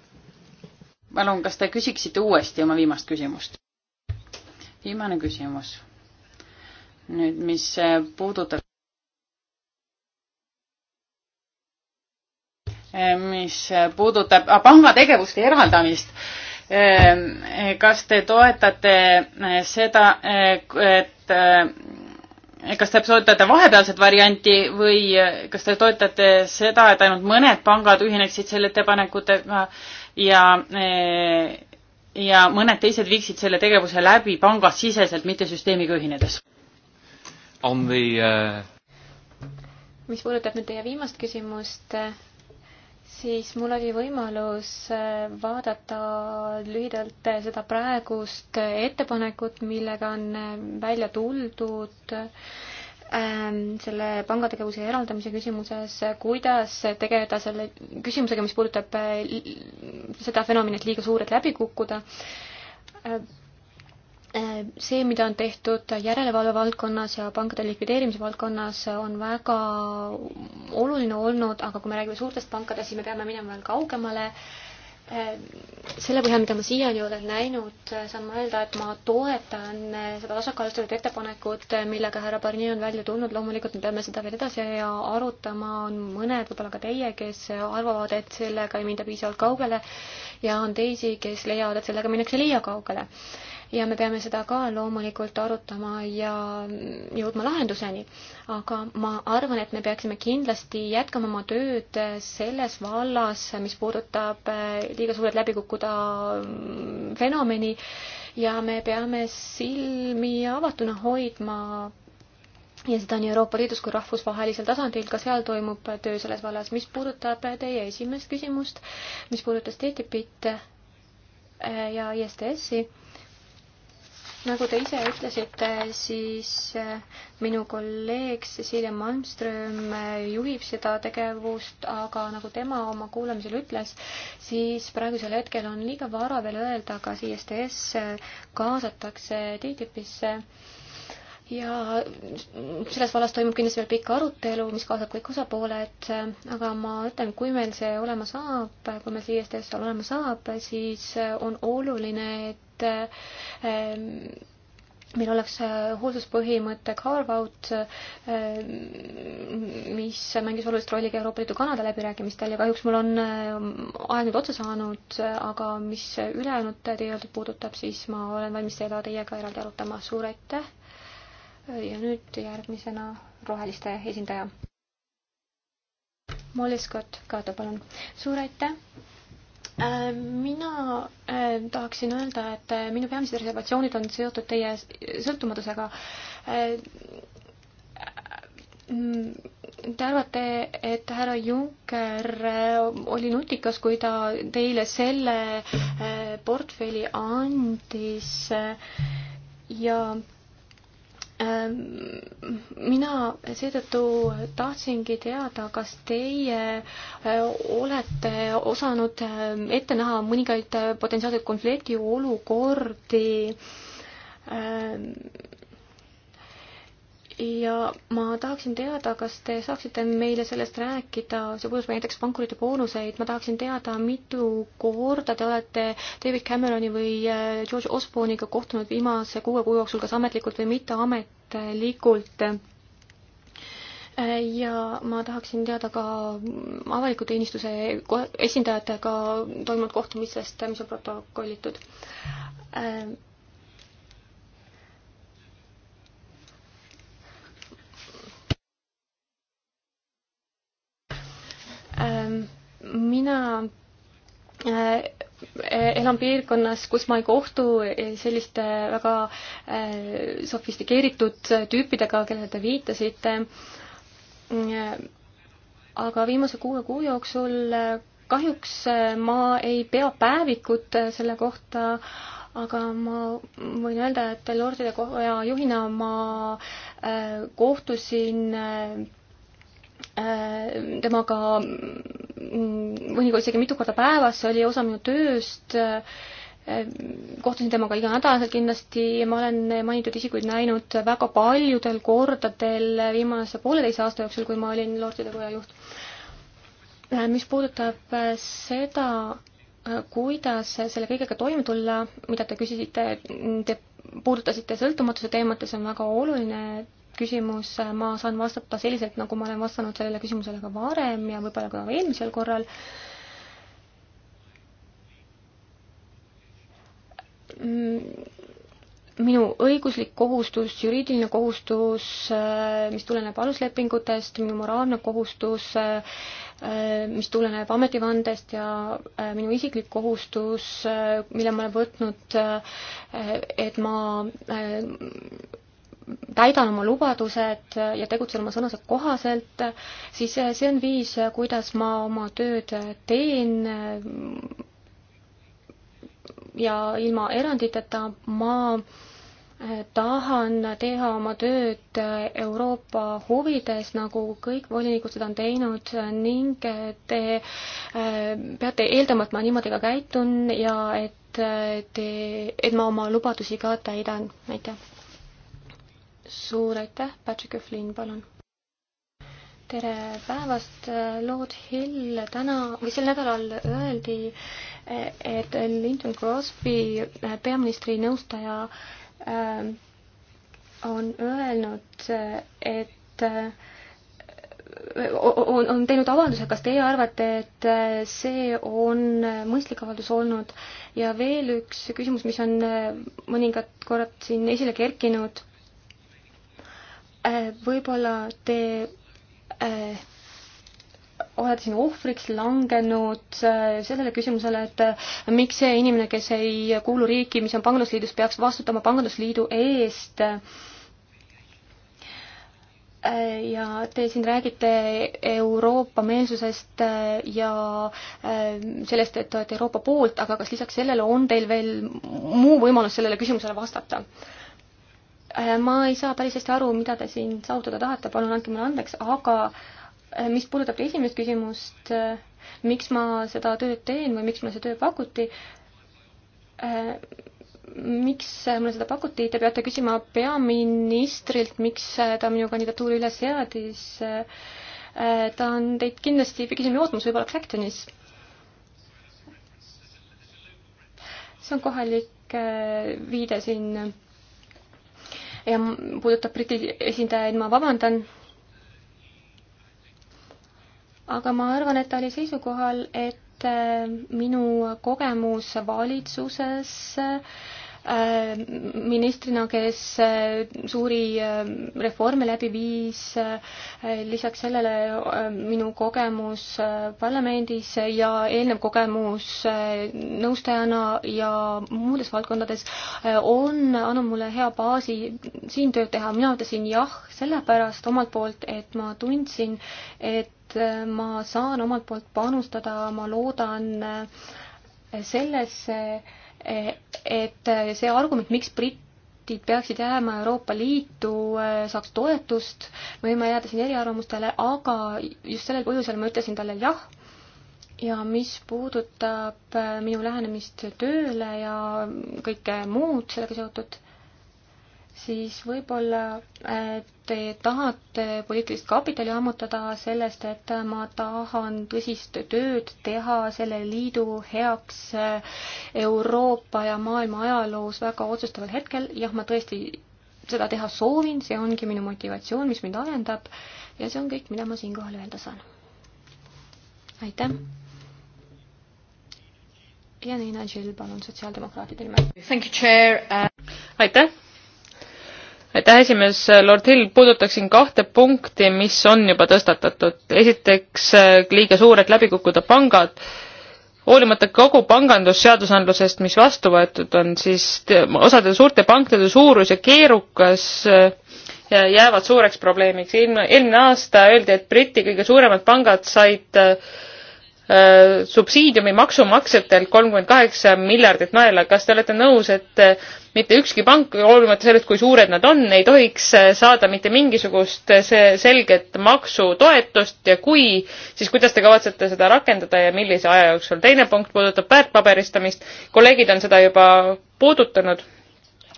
palun, kas te küsiksite uuesti oma viimast küsimust? viimane küsimus. nüüd, mis puudutab Ehm, mis puudutab ah, panga tegevuste eraldamist. Ehm, eh, kas te toetate eh, seda, eh, et kas te toetate vahepealset varianti või kas te toetate seda, et ainult mõned pangad ühineksid selle ettepanekutega ja, ja mõned teised viiksid selle tegevuse läbi pangasiseselt, mitte süsteemiga ühinedes? on the uh... mis puudutab nüüd teie viimast küsimust uh siis mul oli võimalus äh, vaadata lühidalt äh, seda praegust äh, ettepanekut, millega on välja tuldud ähm, selle pangategevuse eraldamise küsimuses, kuidas tegeleda selle küsimusega, mis puudutab seda fenomeni, et liiga suured läbi kukkuda Äh, see, mida on tehtud järelevalve valdkonnas ja pankade likvideerimise valdkonnas, on väga oluline olnud, aga kui me räägime suurtest pankadest, siis me peame minema veel kaugemale. Äh, selle põhjal, mida ma siiani olen näinud, äh, saan ma öelda, et ma toetan seda tasakaalustatud ettepanekut, millega härra Barnier on välja tulnud. loomulikult me peame seda veel edasi ja arutama, on mõned, võib-olla ka teie, kes arvavad, et sellega ei minda piisavalt kaugele ja on teisi, kes leiavad, et sellega minnakse liiga kaugele ja me peame seda ka loomulikult arutama ja jõudma lahenduseni. aga ma arvan, et me peaksime kindlasti jätkama oma tööd selles vallas, mis puudutab äh, liiga suurelt läbi kukkuda mm, fenomeni ja me peame silmi avatuna hoidma ja seda nii Euroopa Liidus kui rahvusvahelisel tasandil, ka seal toimub töö selles vallas. mis puudutab teie esimest küsimust, mis puudutas TTIP-it äh, ja ISDS-i nagu te ise ütlesite, siis äh, minu kolleeg Cecilia Malmström äh, juhib seda tegevust, aga nagu tema oma kuulamisel ütles, siis praegusel hetkel on liiga vara veel öelda, kas ISTS äh, kaasatakse TTIP-isse ja selles vallas toimub kindlasti veel pikk arutelu, mis kaasab kõik osapooled, aga ma ütlen, kui meil see olema saab, kui meil see ISDS seal olema saab, siis on oluline, et ähm, meil oleks äh, hoolsuspõhimõte carve-out, ähm, mis mängis olulist rolli ka Euroopa Liidu Kanada läbirääkimistel ja kahjuks mul on ähm, aeg nüüd otsa saanud, aga mis ülejäänud teie öeldud puudutab, siis ma olen valmis seda teiega eraldi arutama. suur aitäh ja nüüd järgmisena roheliste esindaja. Molly Scott, Kaado, palun. suur aitäh äh, mina äh, tahaksin öelda, et äh, minu peamised reservatsioonid on seotud teie sõltumatusega. Mm, te arvate, et härra Juncker oli nutikas, kui ta teile selle portfelli andis ja Ähm, mina seetõttu tahtsingi teada, kas teie äh, olete osanud äh, ette näha mõningaid äh, potentsiaalseid konfliktiolukordi ähm, ja ma tahaksin teada, kas te saaksite meile sellest rääkida, see puudutab näiteks pankurite boonuseid, ma tahaksin teada, mitu korda te olete David Cameroni või äh, George Osborne'iga kohtunud viimase kuue kuu jooksul, kas ametlikult või mitteametlikult. Äh, ja ma tahaksin teada ka avaliku teenistuse esindajatega toimunud kohtumistest, mis on protokollitud äh, mina äh, äh, elan piirkonnas, kus ma ei kohtu äh, selliste väga sofistikeeritud tüüpidega, kellele te viitasite. aga viimase kuue kuu jooksul kahjuks ma ei pea päevikut selle kohta, aga ma võin öelda, et Lordide koja juhina ma kohtusin temaga mõnikord mm, isegi mitu korda päevas, see oli osa minu tööst, kohtusin temaga iganädalaselt kindlasti ja ma olen mainitud isikuid näinud väga paljudel kordadel viimase pooleteise aasta jooksul, kui ma olin Lordide Koja juht. mis puudutab seda, kuidas selle kõigega toime tulla, mida te küsisite, te puudutasite sõltumatuse teemat ja see on väga oluline küsimus, ma saan vastata selliselt, nagu ma olen vastanud sellele küsimusele ka varem ja võib-olla ka eelmisel korral. minu õiguslik kohustus, juriidiline kohustus, mis tuleneb aluslepingutest, minu moraalne kohustus, mis tuleneb ametivandest ja minu isiklik kohustus, mille ma olen võtnud, et ma täidan oma lubadused ja tegutsen oma sõnased kohaselt, siis see on viis, kuidas ma oma tööd teen. ja ilma eranditeta ma eh, tahan teha oma tööd Euroopa huvides, nagu kõik volinikud seda on teinud ning te eh, peate eeldama, et ma niimoodi ka käitun ja et eh, te, et ma oma lubadusi ka täidan. aitäh! suur aitäh, Patrick O'Flynn, palun. tere päevast, Lord Hill täna või sel nädalal öeldi, et Linton Crosby, peaministri nõustaja, on öelnud, et on, on teinud avalduse, kas teie arvate, et see on mõistlik avaldus olnud ja veel üks küsimus, mis on mõningad korrad siin esile kerkinud, Äh, võib-olla te äh, olete siin ohvriks langenud äh, sellele küsimusele, et miks see inimene, kes ei kuulu riiki, mis on pangandusliidus, peaks vastutama pangandusliidu eest. ja te siin räägite Euroopa meelsusest ja sellest, et te olete Euroopa poolt, aga kas lisaks sellele on teil veel muu võimalus sellele küsimusele vastata? Äh, ma ei saa päris hästi aru, mida te siin saavutada tahate, palun andke mulle andeks, aga äh, mis puudutab esimest küsimust, äh, miks ma seda tööd teen või miks mulle see töö pakuti, miks mulle seda pakuti, te peate küsima peaministrilt, miks ta minu kandidatuuri üles seadis. ta on teid kindlasti pigisilmi ootamas, võib-olla Clactonis. see on kohalik viide siin ja puudutab Briti esindajaid, ma vabandan. aga ma arvan, et ta oli seisukohal, et äh, minu kogemus valitsuses äh, Äh, ministrina, kes äh, suuri äh, reforme läbi viis. lisaks sellele minu kogemus parlamendis ja eelnev kogemus nõustajana ja muudes valdkondades on andnud mulle hea baasi siin tööd teha. mina ütlesin jah, sellepärast omalt poolt, et ma tundsin, et ma saan omalt poolt panustada, ma loodan sellesse, et see argument, miks britid peaksid jääma Euroopa Liitu, saaks toetust, me võime jääda siin eriarvamustele, aga just sellel põhjusel ma ütlesin talle jah. ja mis puudutab minu lähenemist tööle ja kõike muud sellega seotud siis võib-olla äh, te tahate poliitilist kapitali ammutada sellest, et ma tahan tõsist tööd teha selle liidu heaks äh, Euroopa ja maailma ajaloos väga otsustaval hetkel. jah, ma tõesti seda teha soovin, see ongi minu motivatsioon, mis mind ajendab ja see on kõik, mida ma siinkohal öelda saan. aitäh! ja Nina Jill, palun, sotsiaaldemokraatide nimel. Uh, aitäh! aitäh, esimees Lord Hill, puudutaksin kahte punkti, mis on juba tõstatatud. esiteks äh, liiga suured läbi kukkuda pangad. hoolimata kogu pangandusseadusandlusest, mis vastu võetud on, siis osade suurte pankade suurus ja keerukas äh, jäävad suureks probleemiks. eelmine aasta öeldi, et Briti kõige suuremad pangad said äh, Äh, subsiidiumi maksumaksjatelt kolmkümmend kaheksa miljardit naela. kas te olete nõus, et äh, mitte ükski pank, hoolimata sellest, kui suured nad on, ei tohiks äh, saada mitte mingisugust selget maksutoetust ja kui, siis kuidas te kavatsete seda rakendada ja millise aja jooksul? teine punkt puudutab väärtpaberistamist. kolleegid on seda juba puudutanud.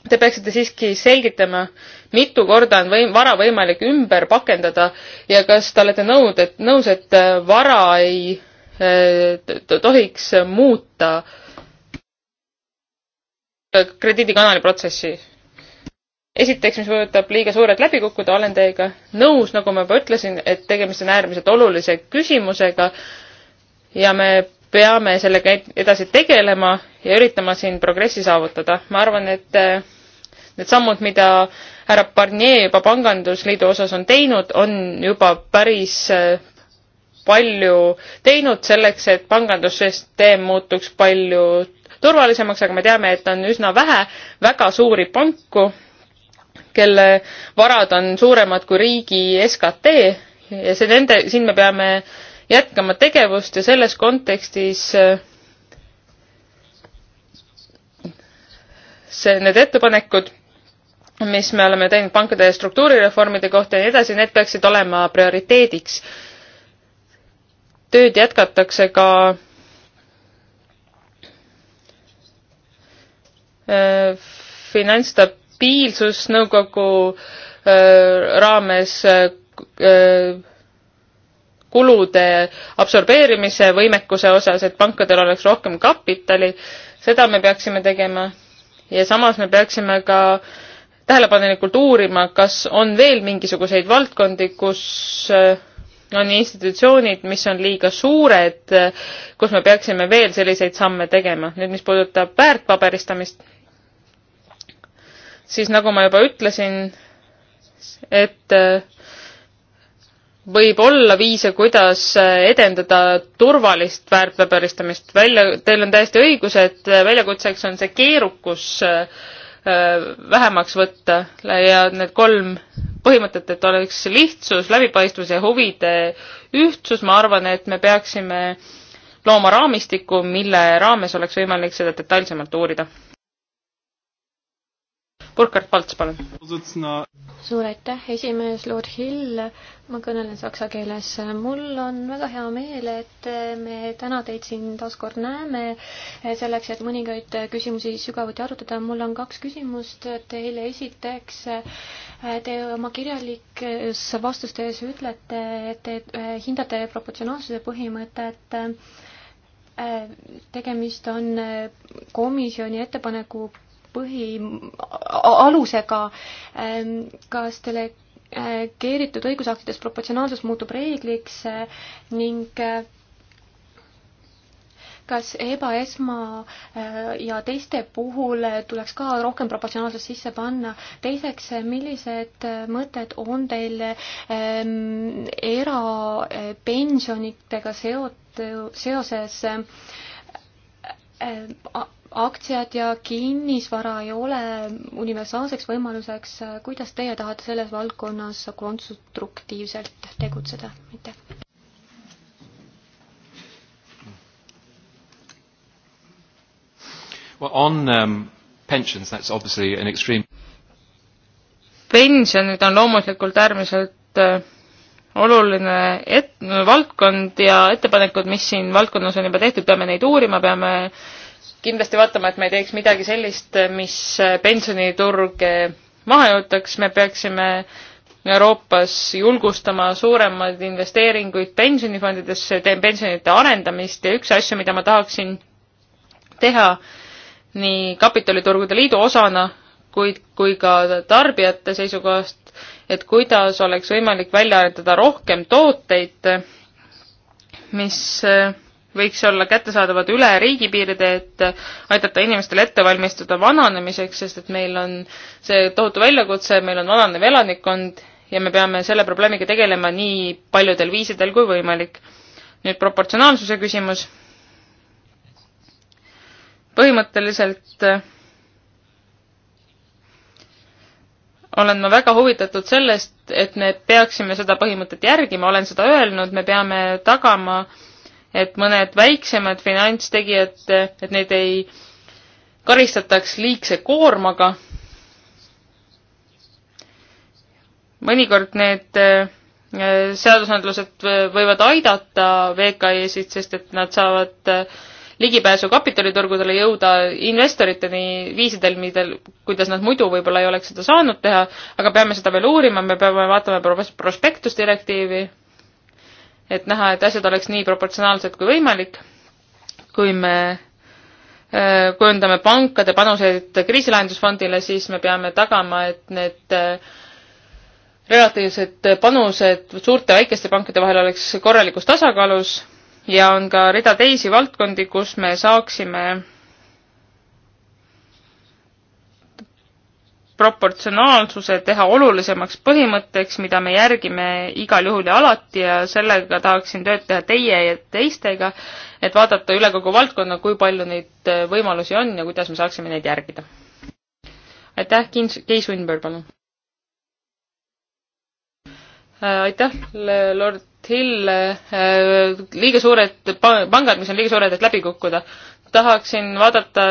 Te peaksite siiski selgitama, mitu korda on võim-, vara võimalik ümber pakendada ja kas te olete nõud, et, nõus, et vara ei Äh, tohiks muuta krediidikanali protsessi. esiteks, mis puudutab liiga suured läbikukkuda, olen teiega nõus, nagu ma juba ütlesin, et tegemist on äärmiselt olulise küsimusega ja me peame sellega edasi tegelema ja üritama siin progressi saavutada. ma arvan, et äh, need sammud, mida härra Barnier juba pangandusliidu osas on teinud, on juba päris äh, palju teinud selleks, et pangandussüsteem muutuks palju turvalisemaks, aga me teame, et on üsna vähe väga suuri panku, kelle varad on suuremad kui riigi SKT ja see nende, siin me peame jätkama tegevust ja selles kontekstis see, need ettepanekud, mis me oleme teinud pankade struktuurireformide kohta ja nii edasi, need peaksid olema prioriteediks tööd jätkatakse ka äh, finantsstabiilsusnõukogu äh, raames äh, kulude absorbeerimise võimekuse osas, et pankadel oleks rohkem kapitali, seda me peaksime tegema ja samas me peaksime ka tähelepanelikult uurima, kas on veel mingisuguseid valdkondi, kus äh, on institutsioonid, mis on liiga suured, kus me peaksime veel selliseid samme tegema. nüüd, mis puudutab väärtpaberistamist, siis nagu ma juba ütlesin, et võib olla viise, kuidas edendada turvalist väärtpaberistamist. välja, teil on täiesti õigus, et väljakutseks on see keerukus äh, vähemaks võtta ja need kolm põhimõtet, et oleks lihtsus, läbipaistvus ja huvide ühtsus, ma arvan, et me peaksime looma raamistiku, mille raames oleks võimalik seda detailsemalt uurida Burkhard Palts, palun. suur aitäh, esimees Lord Hill. ma kõnelen saksa keeles. mul on väga hea meel, et me täna teid siin taaskord näeme, selleks et mõningaid küsimusi sügavuti arutada. mul on kaks küsimust teile. esiteks, te oma kirjalikes vastustes ütlete, et te äh, hindate proportsionaalsuse põhimõtet äh, tegemist on äh, komisjoni ettepaneku põhi, alusega, ähm, kas delegeeritud äh, õigusaktides proportsionaalsus muutub reegliks äh, ning äh, kas EBA, ESMA ja teiste puhul tuleks ka rohkem proportsionaalsust sisse panna? teiseks, millised mõtted on teil ähm, erapensionitega seot-, seoses ähm, aktsiad ja kinnisvara ei ole universaalseks võimaluseks. kuidas teie tahate selles valdkonnas konstruktiivselt tegutseda? aitäh. Well, on um, pensions, that's obviously an extreme. pensionid on loomulikult äärmiselt uh, oluline et-, valdkond ja ettepanekud, mis siin valdkonnas on juba tehtud, peame neid uurima, peame uh, kindlasti vaatama, et me ei teeks midagi sellist, mis pensioniturge maha jõutaks, me peaksime Euroopas julgustama suuremaid investeeringuid pensionifondidesse, teen pensionite arendamist ja üks asju, mida ma tahaksin teha nii kapitaliturgude liidu osana, kuid, kui ka tarbijate seisukohast, et kuidas oleks võimalik välja arendada rohkem tooteid, mis äh, võiks olla kättesaadavad üle riigipiiride, et aidata inimestel ette valmistuda vananemiseks, sest et meil on see tohutu väljakutse, meil on vananev elanikkond ja me peame selle probleemiga tegelema nii paljudel viisidel kui võimalik. nüüd proportsionaalsuse küsimus. põhimõtteliselt äh, olen ma väga huvitatud sellest, et me peaksime seda põhimõtet järgima, olen seda öelnud, me peame tagama äh, et mõned väiksemad finantstegijad, et neid ei karistataks liigse koormaga. mõnikord need äh, seadusandlused võivad aidata VKI-sid, sest et nad saavad äh, ligipääsu kapitaliturgudele jõuda investoriteni viisidel, millel, kuidas nad muidu võib-olla ei oleks seda saanud teha, aga peame seda veel uurima, me peame vaatama prospektusdirektiivi et näha, et asjad oleks nii proportsionaalsed kui võimalik. kui me äh, kujundame pankade panuseid kriisilahendusfondile, siis me peame tagama, et need äh, relatiivsed panused suurte ja väikeste pankade vahel oleks korralikus tasakaalus ja on ka rida teisi valdkondi, kus me saaksime proportsionaalsuse teha olulisemaks põhimõtteks, mida me järgime igal juhul ja alati ja sellega tahaksin tööd teha teie ja teistega, et vaadata üle kogu valdkonna, kui palju neid äh, võimalusi on ja kuidas me saaksime neid järgida. aitäh, Keis Winberg, palun! Äh, aitäh, lord Hill, äh, liiga suured pangad, mis on liiga suured, et läbi kukkuda tahaksin vaadata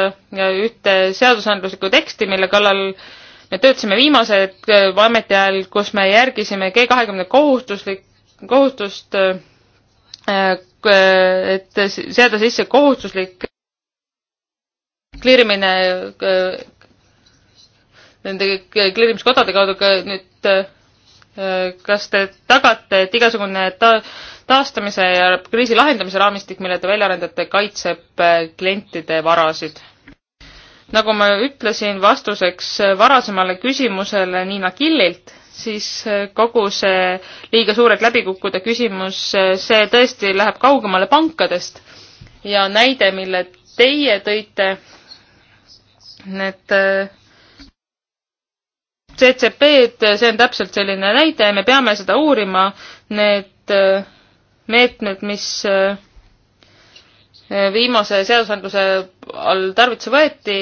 ühte seadusandluslikku teksti, mille kallal me töötasime viimase äh, ametiajal, kus me järgisime G kahekümne kohustuslik, kohustust, äh, äh, et seada sisse kohustuslik kliirimine nende kliirimiskodade kaudu ka nüüd kas te tagate, et igasugune ta-, taastamise ja kriisi lahendamise raamistik, mille te välja arendate, kaitseb klientide varasid? nagu ma ütlesin vastuseks varasemale küsimusele Niina Killilt, siis kogu see liiga suured läbikukkude küsimus, see tõesti läheb kaugemale pankadest ja näide, mille teie tõite, need äh, CCP-d, see on täpselt selline näide, me peame seda uurima, need äh, meetmed, mis äh, viimase seadusandluse all tarvituse võeti,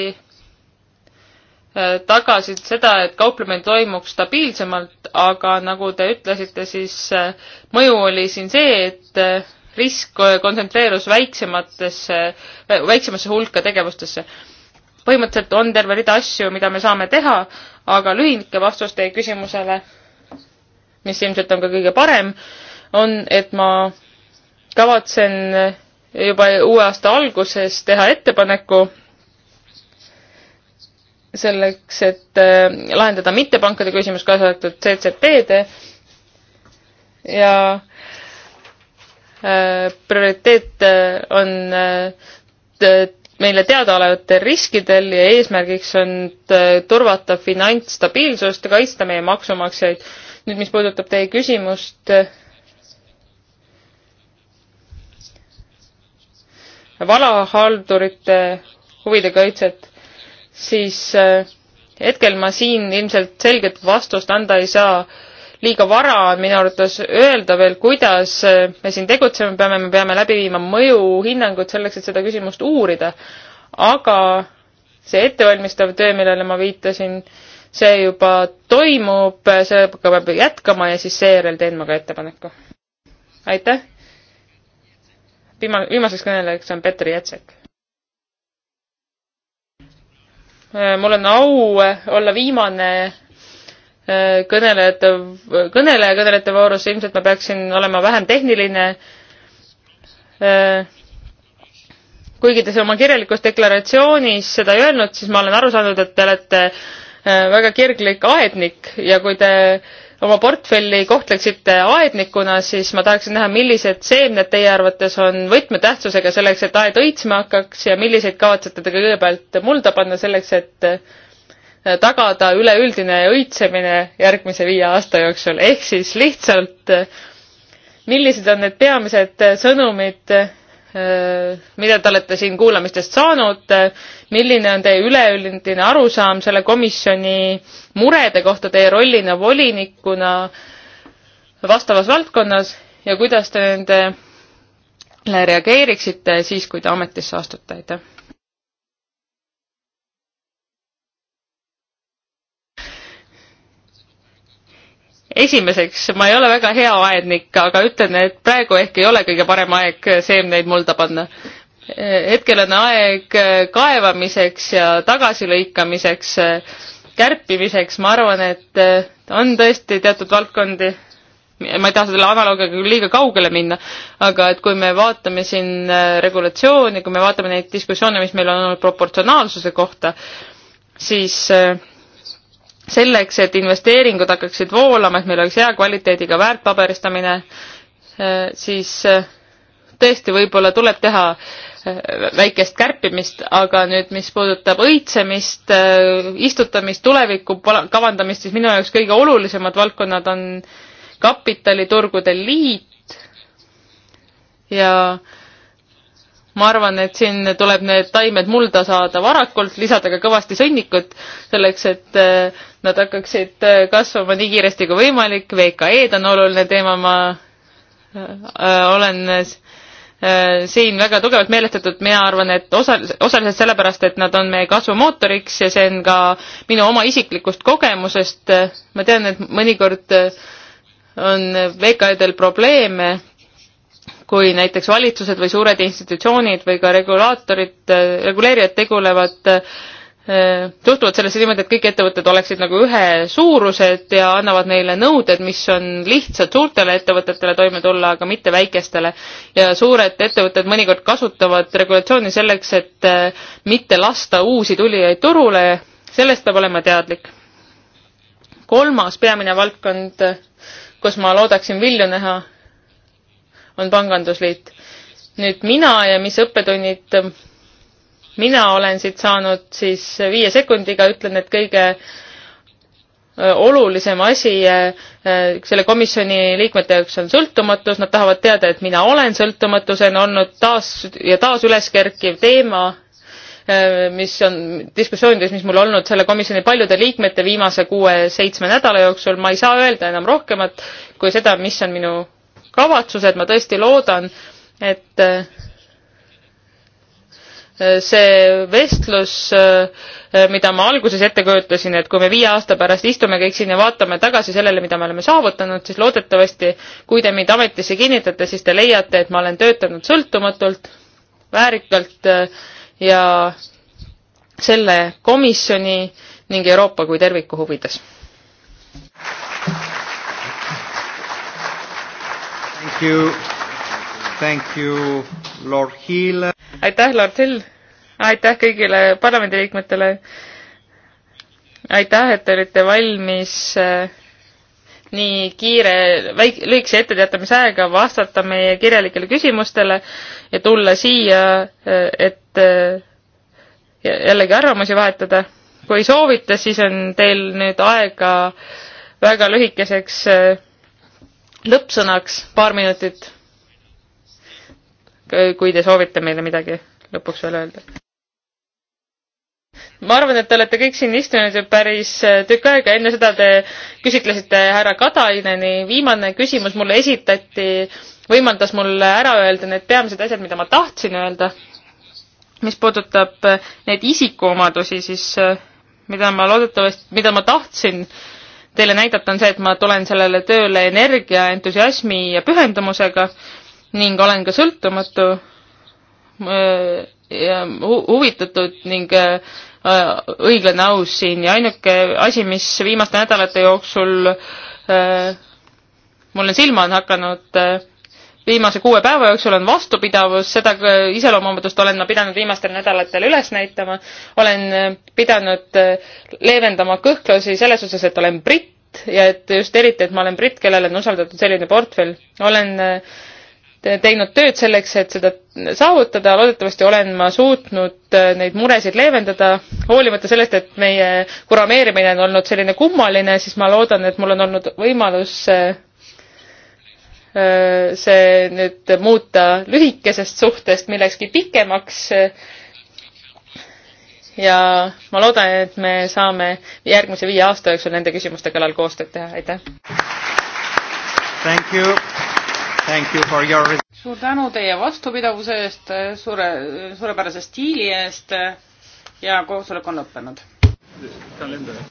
äh, tagasid seda, et kauplemine toimuks stabiilsemalt, aga nagu te ütlesite, siis äh, mõju oli siin see, et äh, risk kontsentreerus väiksematesse, väiksemasse hulka tegevustesse. põhimõtteliselt on terve rida asju, mida me saame teha, aga lühike vastus teie küsimusele, mis ilmselt on ka kõige parem, on, et ma kavatsen juba uue aasta alguses teha ettepaneku selleks, et äh, lahendada mittepankade küsimus, kaasa arvatud CCP-de ja äh, prioriteet äh, on meile teadaolevatel riskidel ja eesmärgiks on turvata finantsstabiilsust ja kaitsta meie maksumaksjaid. nüüd, mis puudutab teie küsimust valahaldurite huvide kaitset, siis äh, hetkel ma siin ilmselt selget vastust anda ei saa. liiga vara on minu arvates öelda veel, kuidas äh, me siin tegutsema peame, me peame läbi viima mõjuhinnangud selleks, et seda küsimust uurida. aga see ettevalmistav töö, millele ma viitasin, see juba toimub, sellega peab jätkama ja siis seejärel teen ma ka ettepaneku. aitäh! viima-, viimaseks kõnelejaks on Petr Jetsek. Äh, mul on au äh, olla viimane äh, kõnelejate, kõneleja kõnelejate voorus, ilmselt ma peaksin olema vähem tehniline. kuigi te oma kirjalikus deklaratsioonis seda ei öelnud, siis ma olen aru saanud, et te olete väga kirglik aednik ja kui te äh, oma portfelli kohtleksite aednikuna, siis ma tahaksin näha, millised seemned teie arvates on võtmetähtsusega selleks, et aed õitsma hakkaks ja milliseid kavatsete te kõigepealt mulda panna selleks, et äh, tagada üleüldine õitsemine järgmise viie aasta jooksul, ehk siis lihtsalt äh, millised on need peamised äh, sõnumid, mida te olete siin kuulamistest saanud, milline on teie üleüldine arusaam selle komisjoni murede kohta teie rollina volinikuna vastavas valdkonnas ja kuidas te nendele reageeriksite siis, kui te ametisse astute, aitäh? esimeseks, ma ei ole väga hea aednik, aga ütlen, et praegu ehk ei ole kõige parem aeg seemneid mulda panna. hetkel on aeg kaevamiseks ja tagasilõikamiseks, kärpimiseks, ma arvan, et on tõesti teatud valdkondi, ma ei taha selle analoogiga küll liiga kaugele minna, aga et kui me vaatame siin regulatsiooni, kui me vaatame neid diskussioone, mis meil on olnud proportsionaalsuse kohta, siis äh, selleks, et investeeringud hakkaksid voolama, et meil oleks hea kvaliteediga väärtpaberistamine, eh, siis eh, tõesti võib-olla tuleb teha eh, väikest kärpimist, aga nüüd, mis puudutab õitsemist, istutamist, tuleviku kavandamist, siis minu jaoks kõige olulisemad valdkonnad on kapitaliturgude liit ja äh, ma arvan, et siin tuleb need taimed mulda saada varakult, lisada ka kõvasti sõnnikut, selleks et eh, nad hakkaksid eh, kasvama nii kiiresti kui võimalik, VKE-d on oluline teema, ma eh, olen siin väga tugevalt meelestatud, mina arvan, et osal-, osaliselt sellepärast, et nad on meie kasvumootoriks ja see on ka minu oma isiklikust kogemusest, ma tean, et mõnikord on VKE-del probleeme kui näiteks valitsused või suured institutsioonid või ka regulaatorid, reguleerijad tegulevad suhtuvad sellesse niimoodi, et kõik ettevõtted oleksid nagu ühesuurused ja annavad neile nõuded, mis on lihtsad suurtele ettevõtetele toime tulla, aga mitte väikestele. ja suured ettevõtted mõnikord kasutavad regulatsiooni selleks, et mitte lasta uusi tulijaid turule, sellest peab olema teadlik. kolmas peamine valdkond, kus ma loodaksin vilju näha, on Pangandusliit. nüüd mina ja mis õppetunnid mina olen siit saanud, siis viie sekundiga ütlen, et kõige olulisem asi selle komisjoni liikmete jaoks on sõltumatus, nad tahavad teada, et mina olen sõltumatu, see on olnud taas ja taas üleskerkiv teema, mis on diskussioonides, mis mul olnud selle komisjoni paljude liikmete viimase kuue-seitsme nädala jooksul, ma ei saa öelda enam rohkemat kui seda, mis on minu kavatsused, ma tõesti loodan, et äh, see vestlus, äh, mida ma alguses ette kujutasin, et kui me viie aasta pärast istume kõik siin ja vaatame tagasi sellele, mida me oleme saavutanud, siis loodetavasti, kui te mind ametisse kinnitate, siis te leiate, et ma olen töötanud sõltumatult, väärikalt äh, ja selle komisjoni ning Euroopa kui terviku huvides. Thank you. Thank you, Lord Hill. aitäh, Lord Hill. aitäh kõigile parlamendiliikmetele. aitäh, et te olite valmis äh, nii kiire, väik-, lühikese etteteatamise ajaga vastata meie kirjalikele küsimustele ja tulla siia, äh, et äh, jällegi arvamusi vahetada. kui soovite, siis on teil nüüd aega väga lühikeseks lõppsõnaks paar minutit, kui te soovite meile midagi lõpuks veel öelda. ma arvan, et te olete kõik siin istunud ju päris äh, tükk aega, enne seda te küsitlesite härra Kataineni, viimane küsimus mulle esitati, võimaldas mul ära öelda need peamised asjad, mida ma tahtsin öelda. mis puudutab äh, neid isikuomadusi, siis äh, mida ma loodetavasti, mida ma tahtsin äh, teile näidata, on see, et ma tulen sellele tööle energia, entusiasmi ja pühendumusega ning olen ka sõltumatu äh, ja hu huvitatud ning äh, õiglane aus siin ja ainuke asi, mis viimaste nädalate jooksul äh, mulle silma on hakanud, viimase kuue päeva jooksul on vastupidavus, seda äh, iseloomuomadust olen ma pidanud viimastel nädalatel üles näitama. olen äh, pidanud äh, leevendama kõhklusi selles osas, et olen britt ja et just eriti, et ma olen britt, kellele on usaldatud selline portfell. olen teinud tööd selleks, et seda saavutada, loodetavasti olen ma suutnud neid muresid leevendada, hoolimata sellest, et meie kurameerimine on olnud selline kummaline, siis ma loodan, et mul on olnud võimalus Äh, see nüüd muuta lühikesest suhtest millekski pikemaks. ja ma loodan, et me saame järgmise viie aasta jooksul nende küsimuste kallal koostööd teha, aitäh. Thank you. Thank you for your suur tänu teie vastupidavuse eest, suure, suurepärase stiili eest ja koosolek on lõppenud. kalender.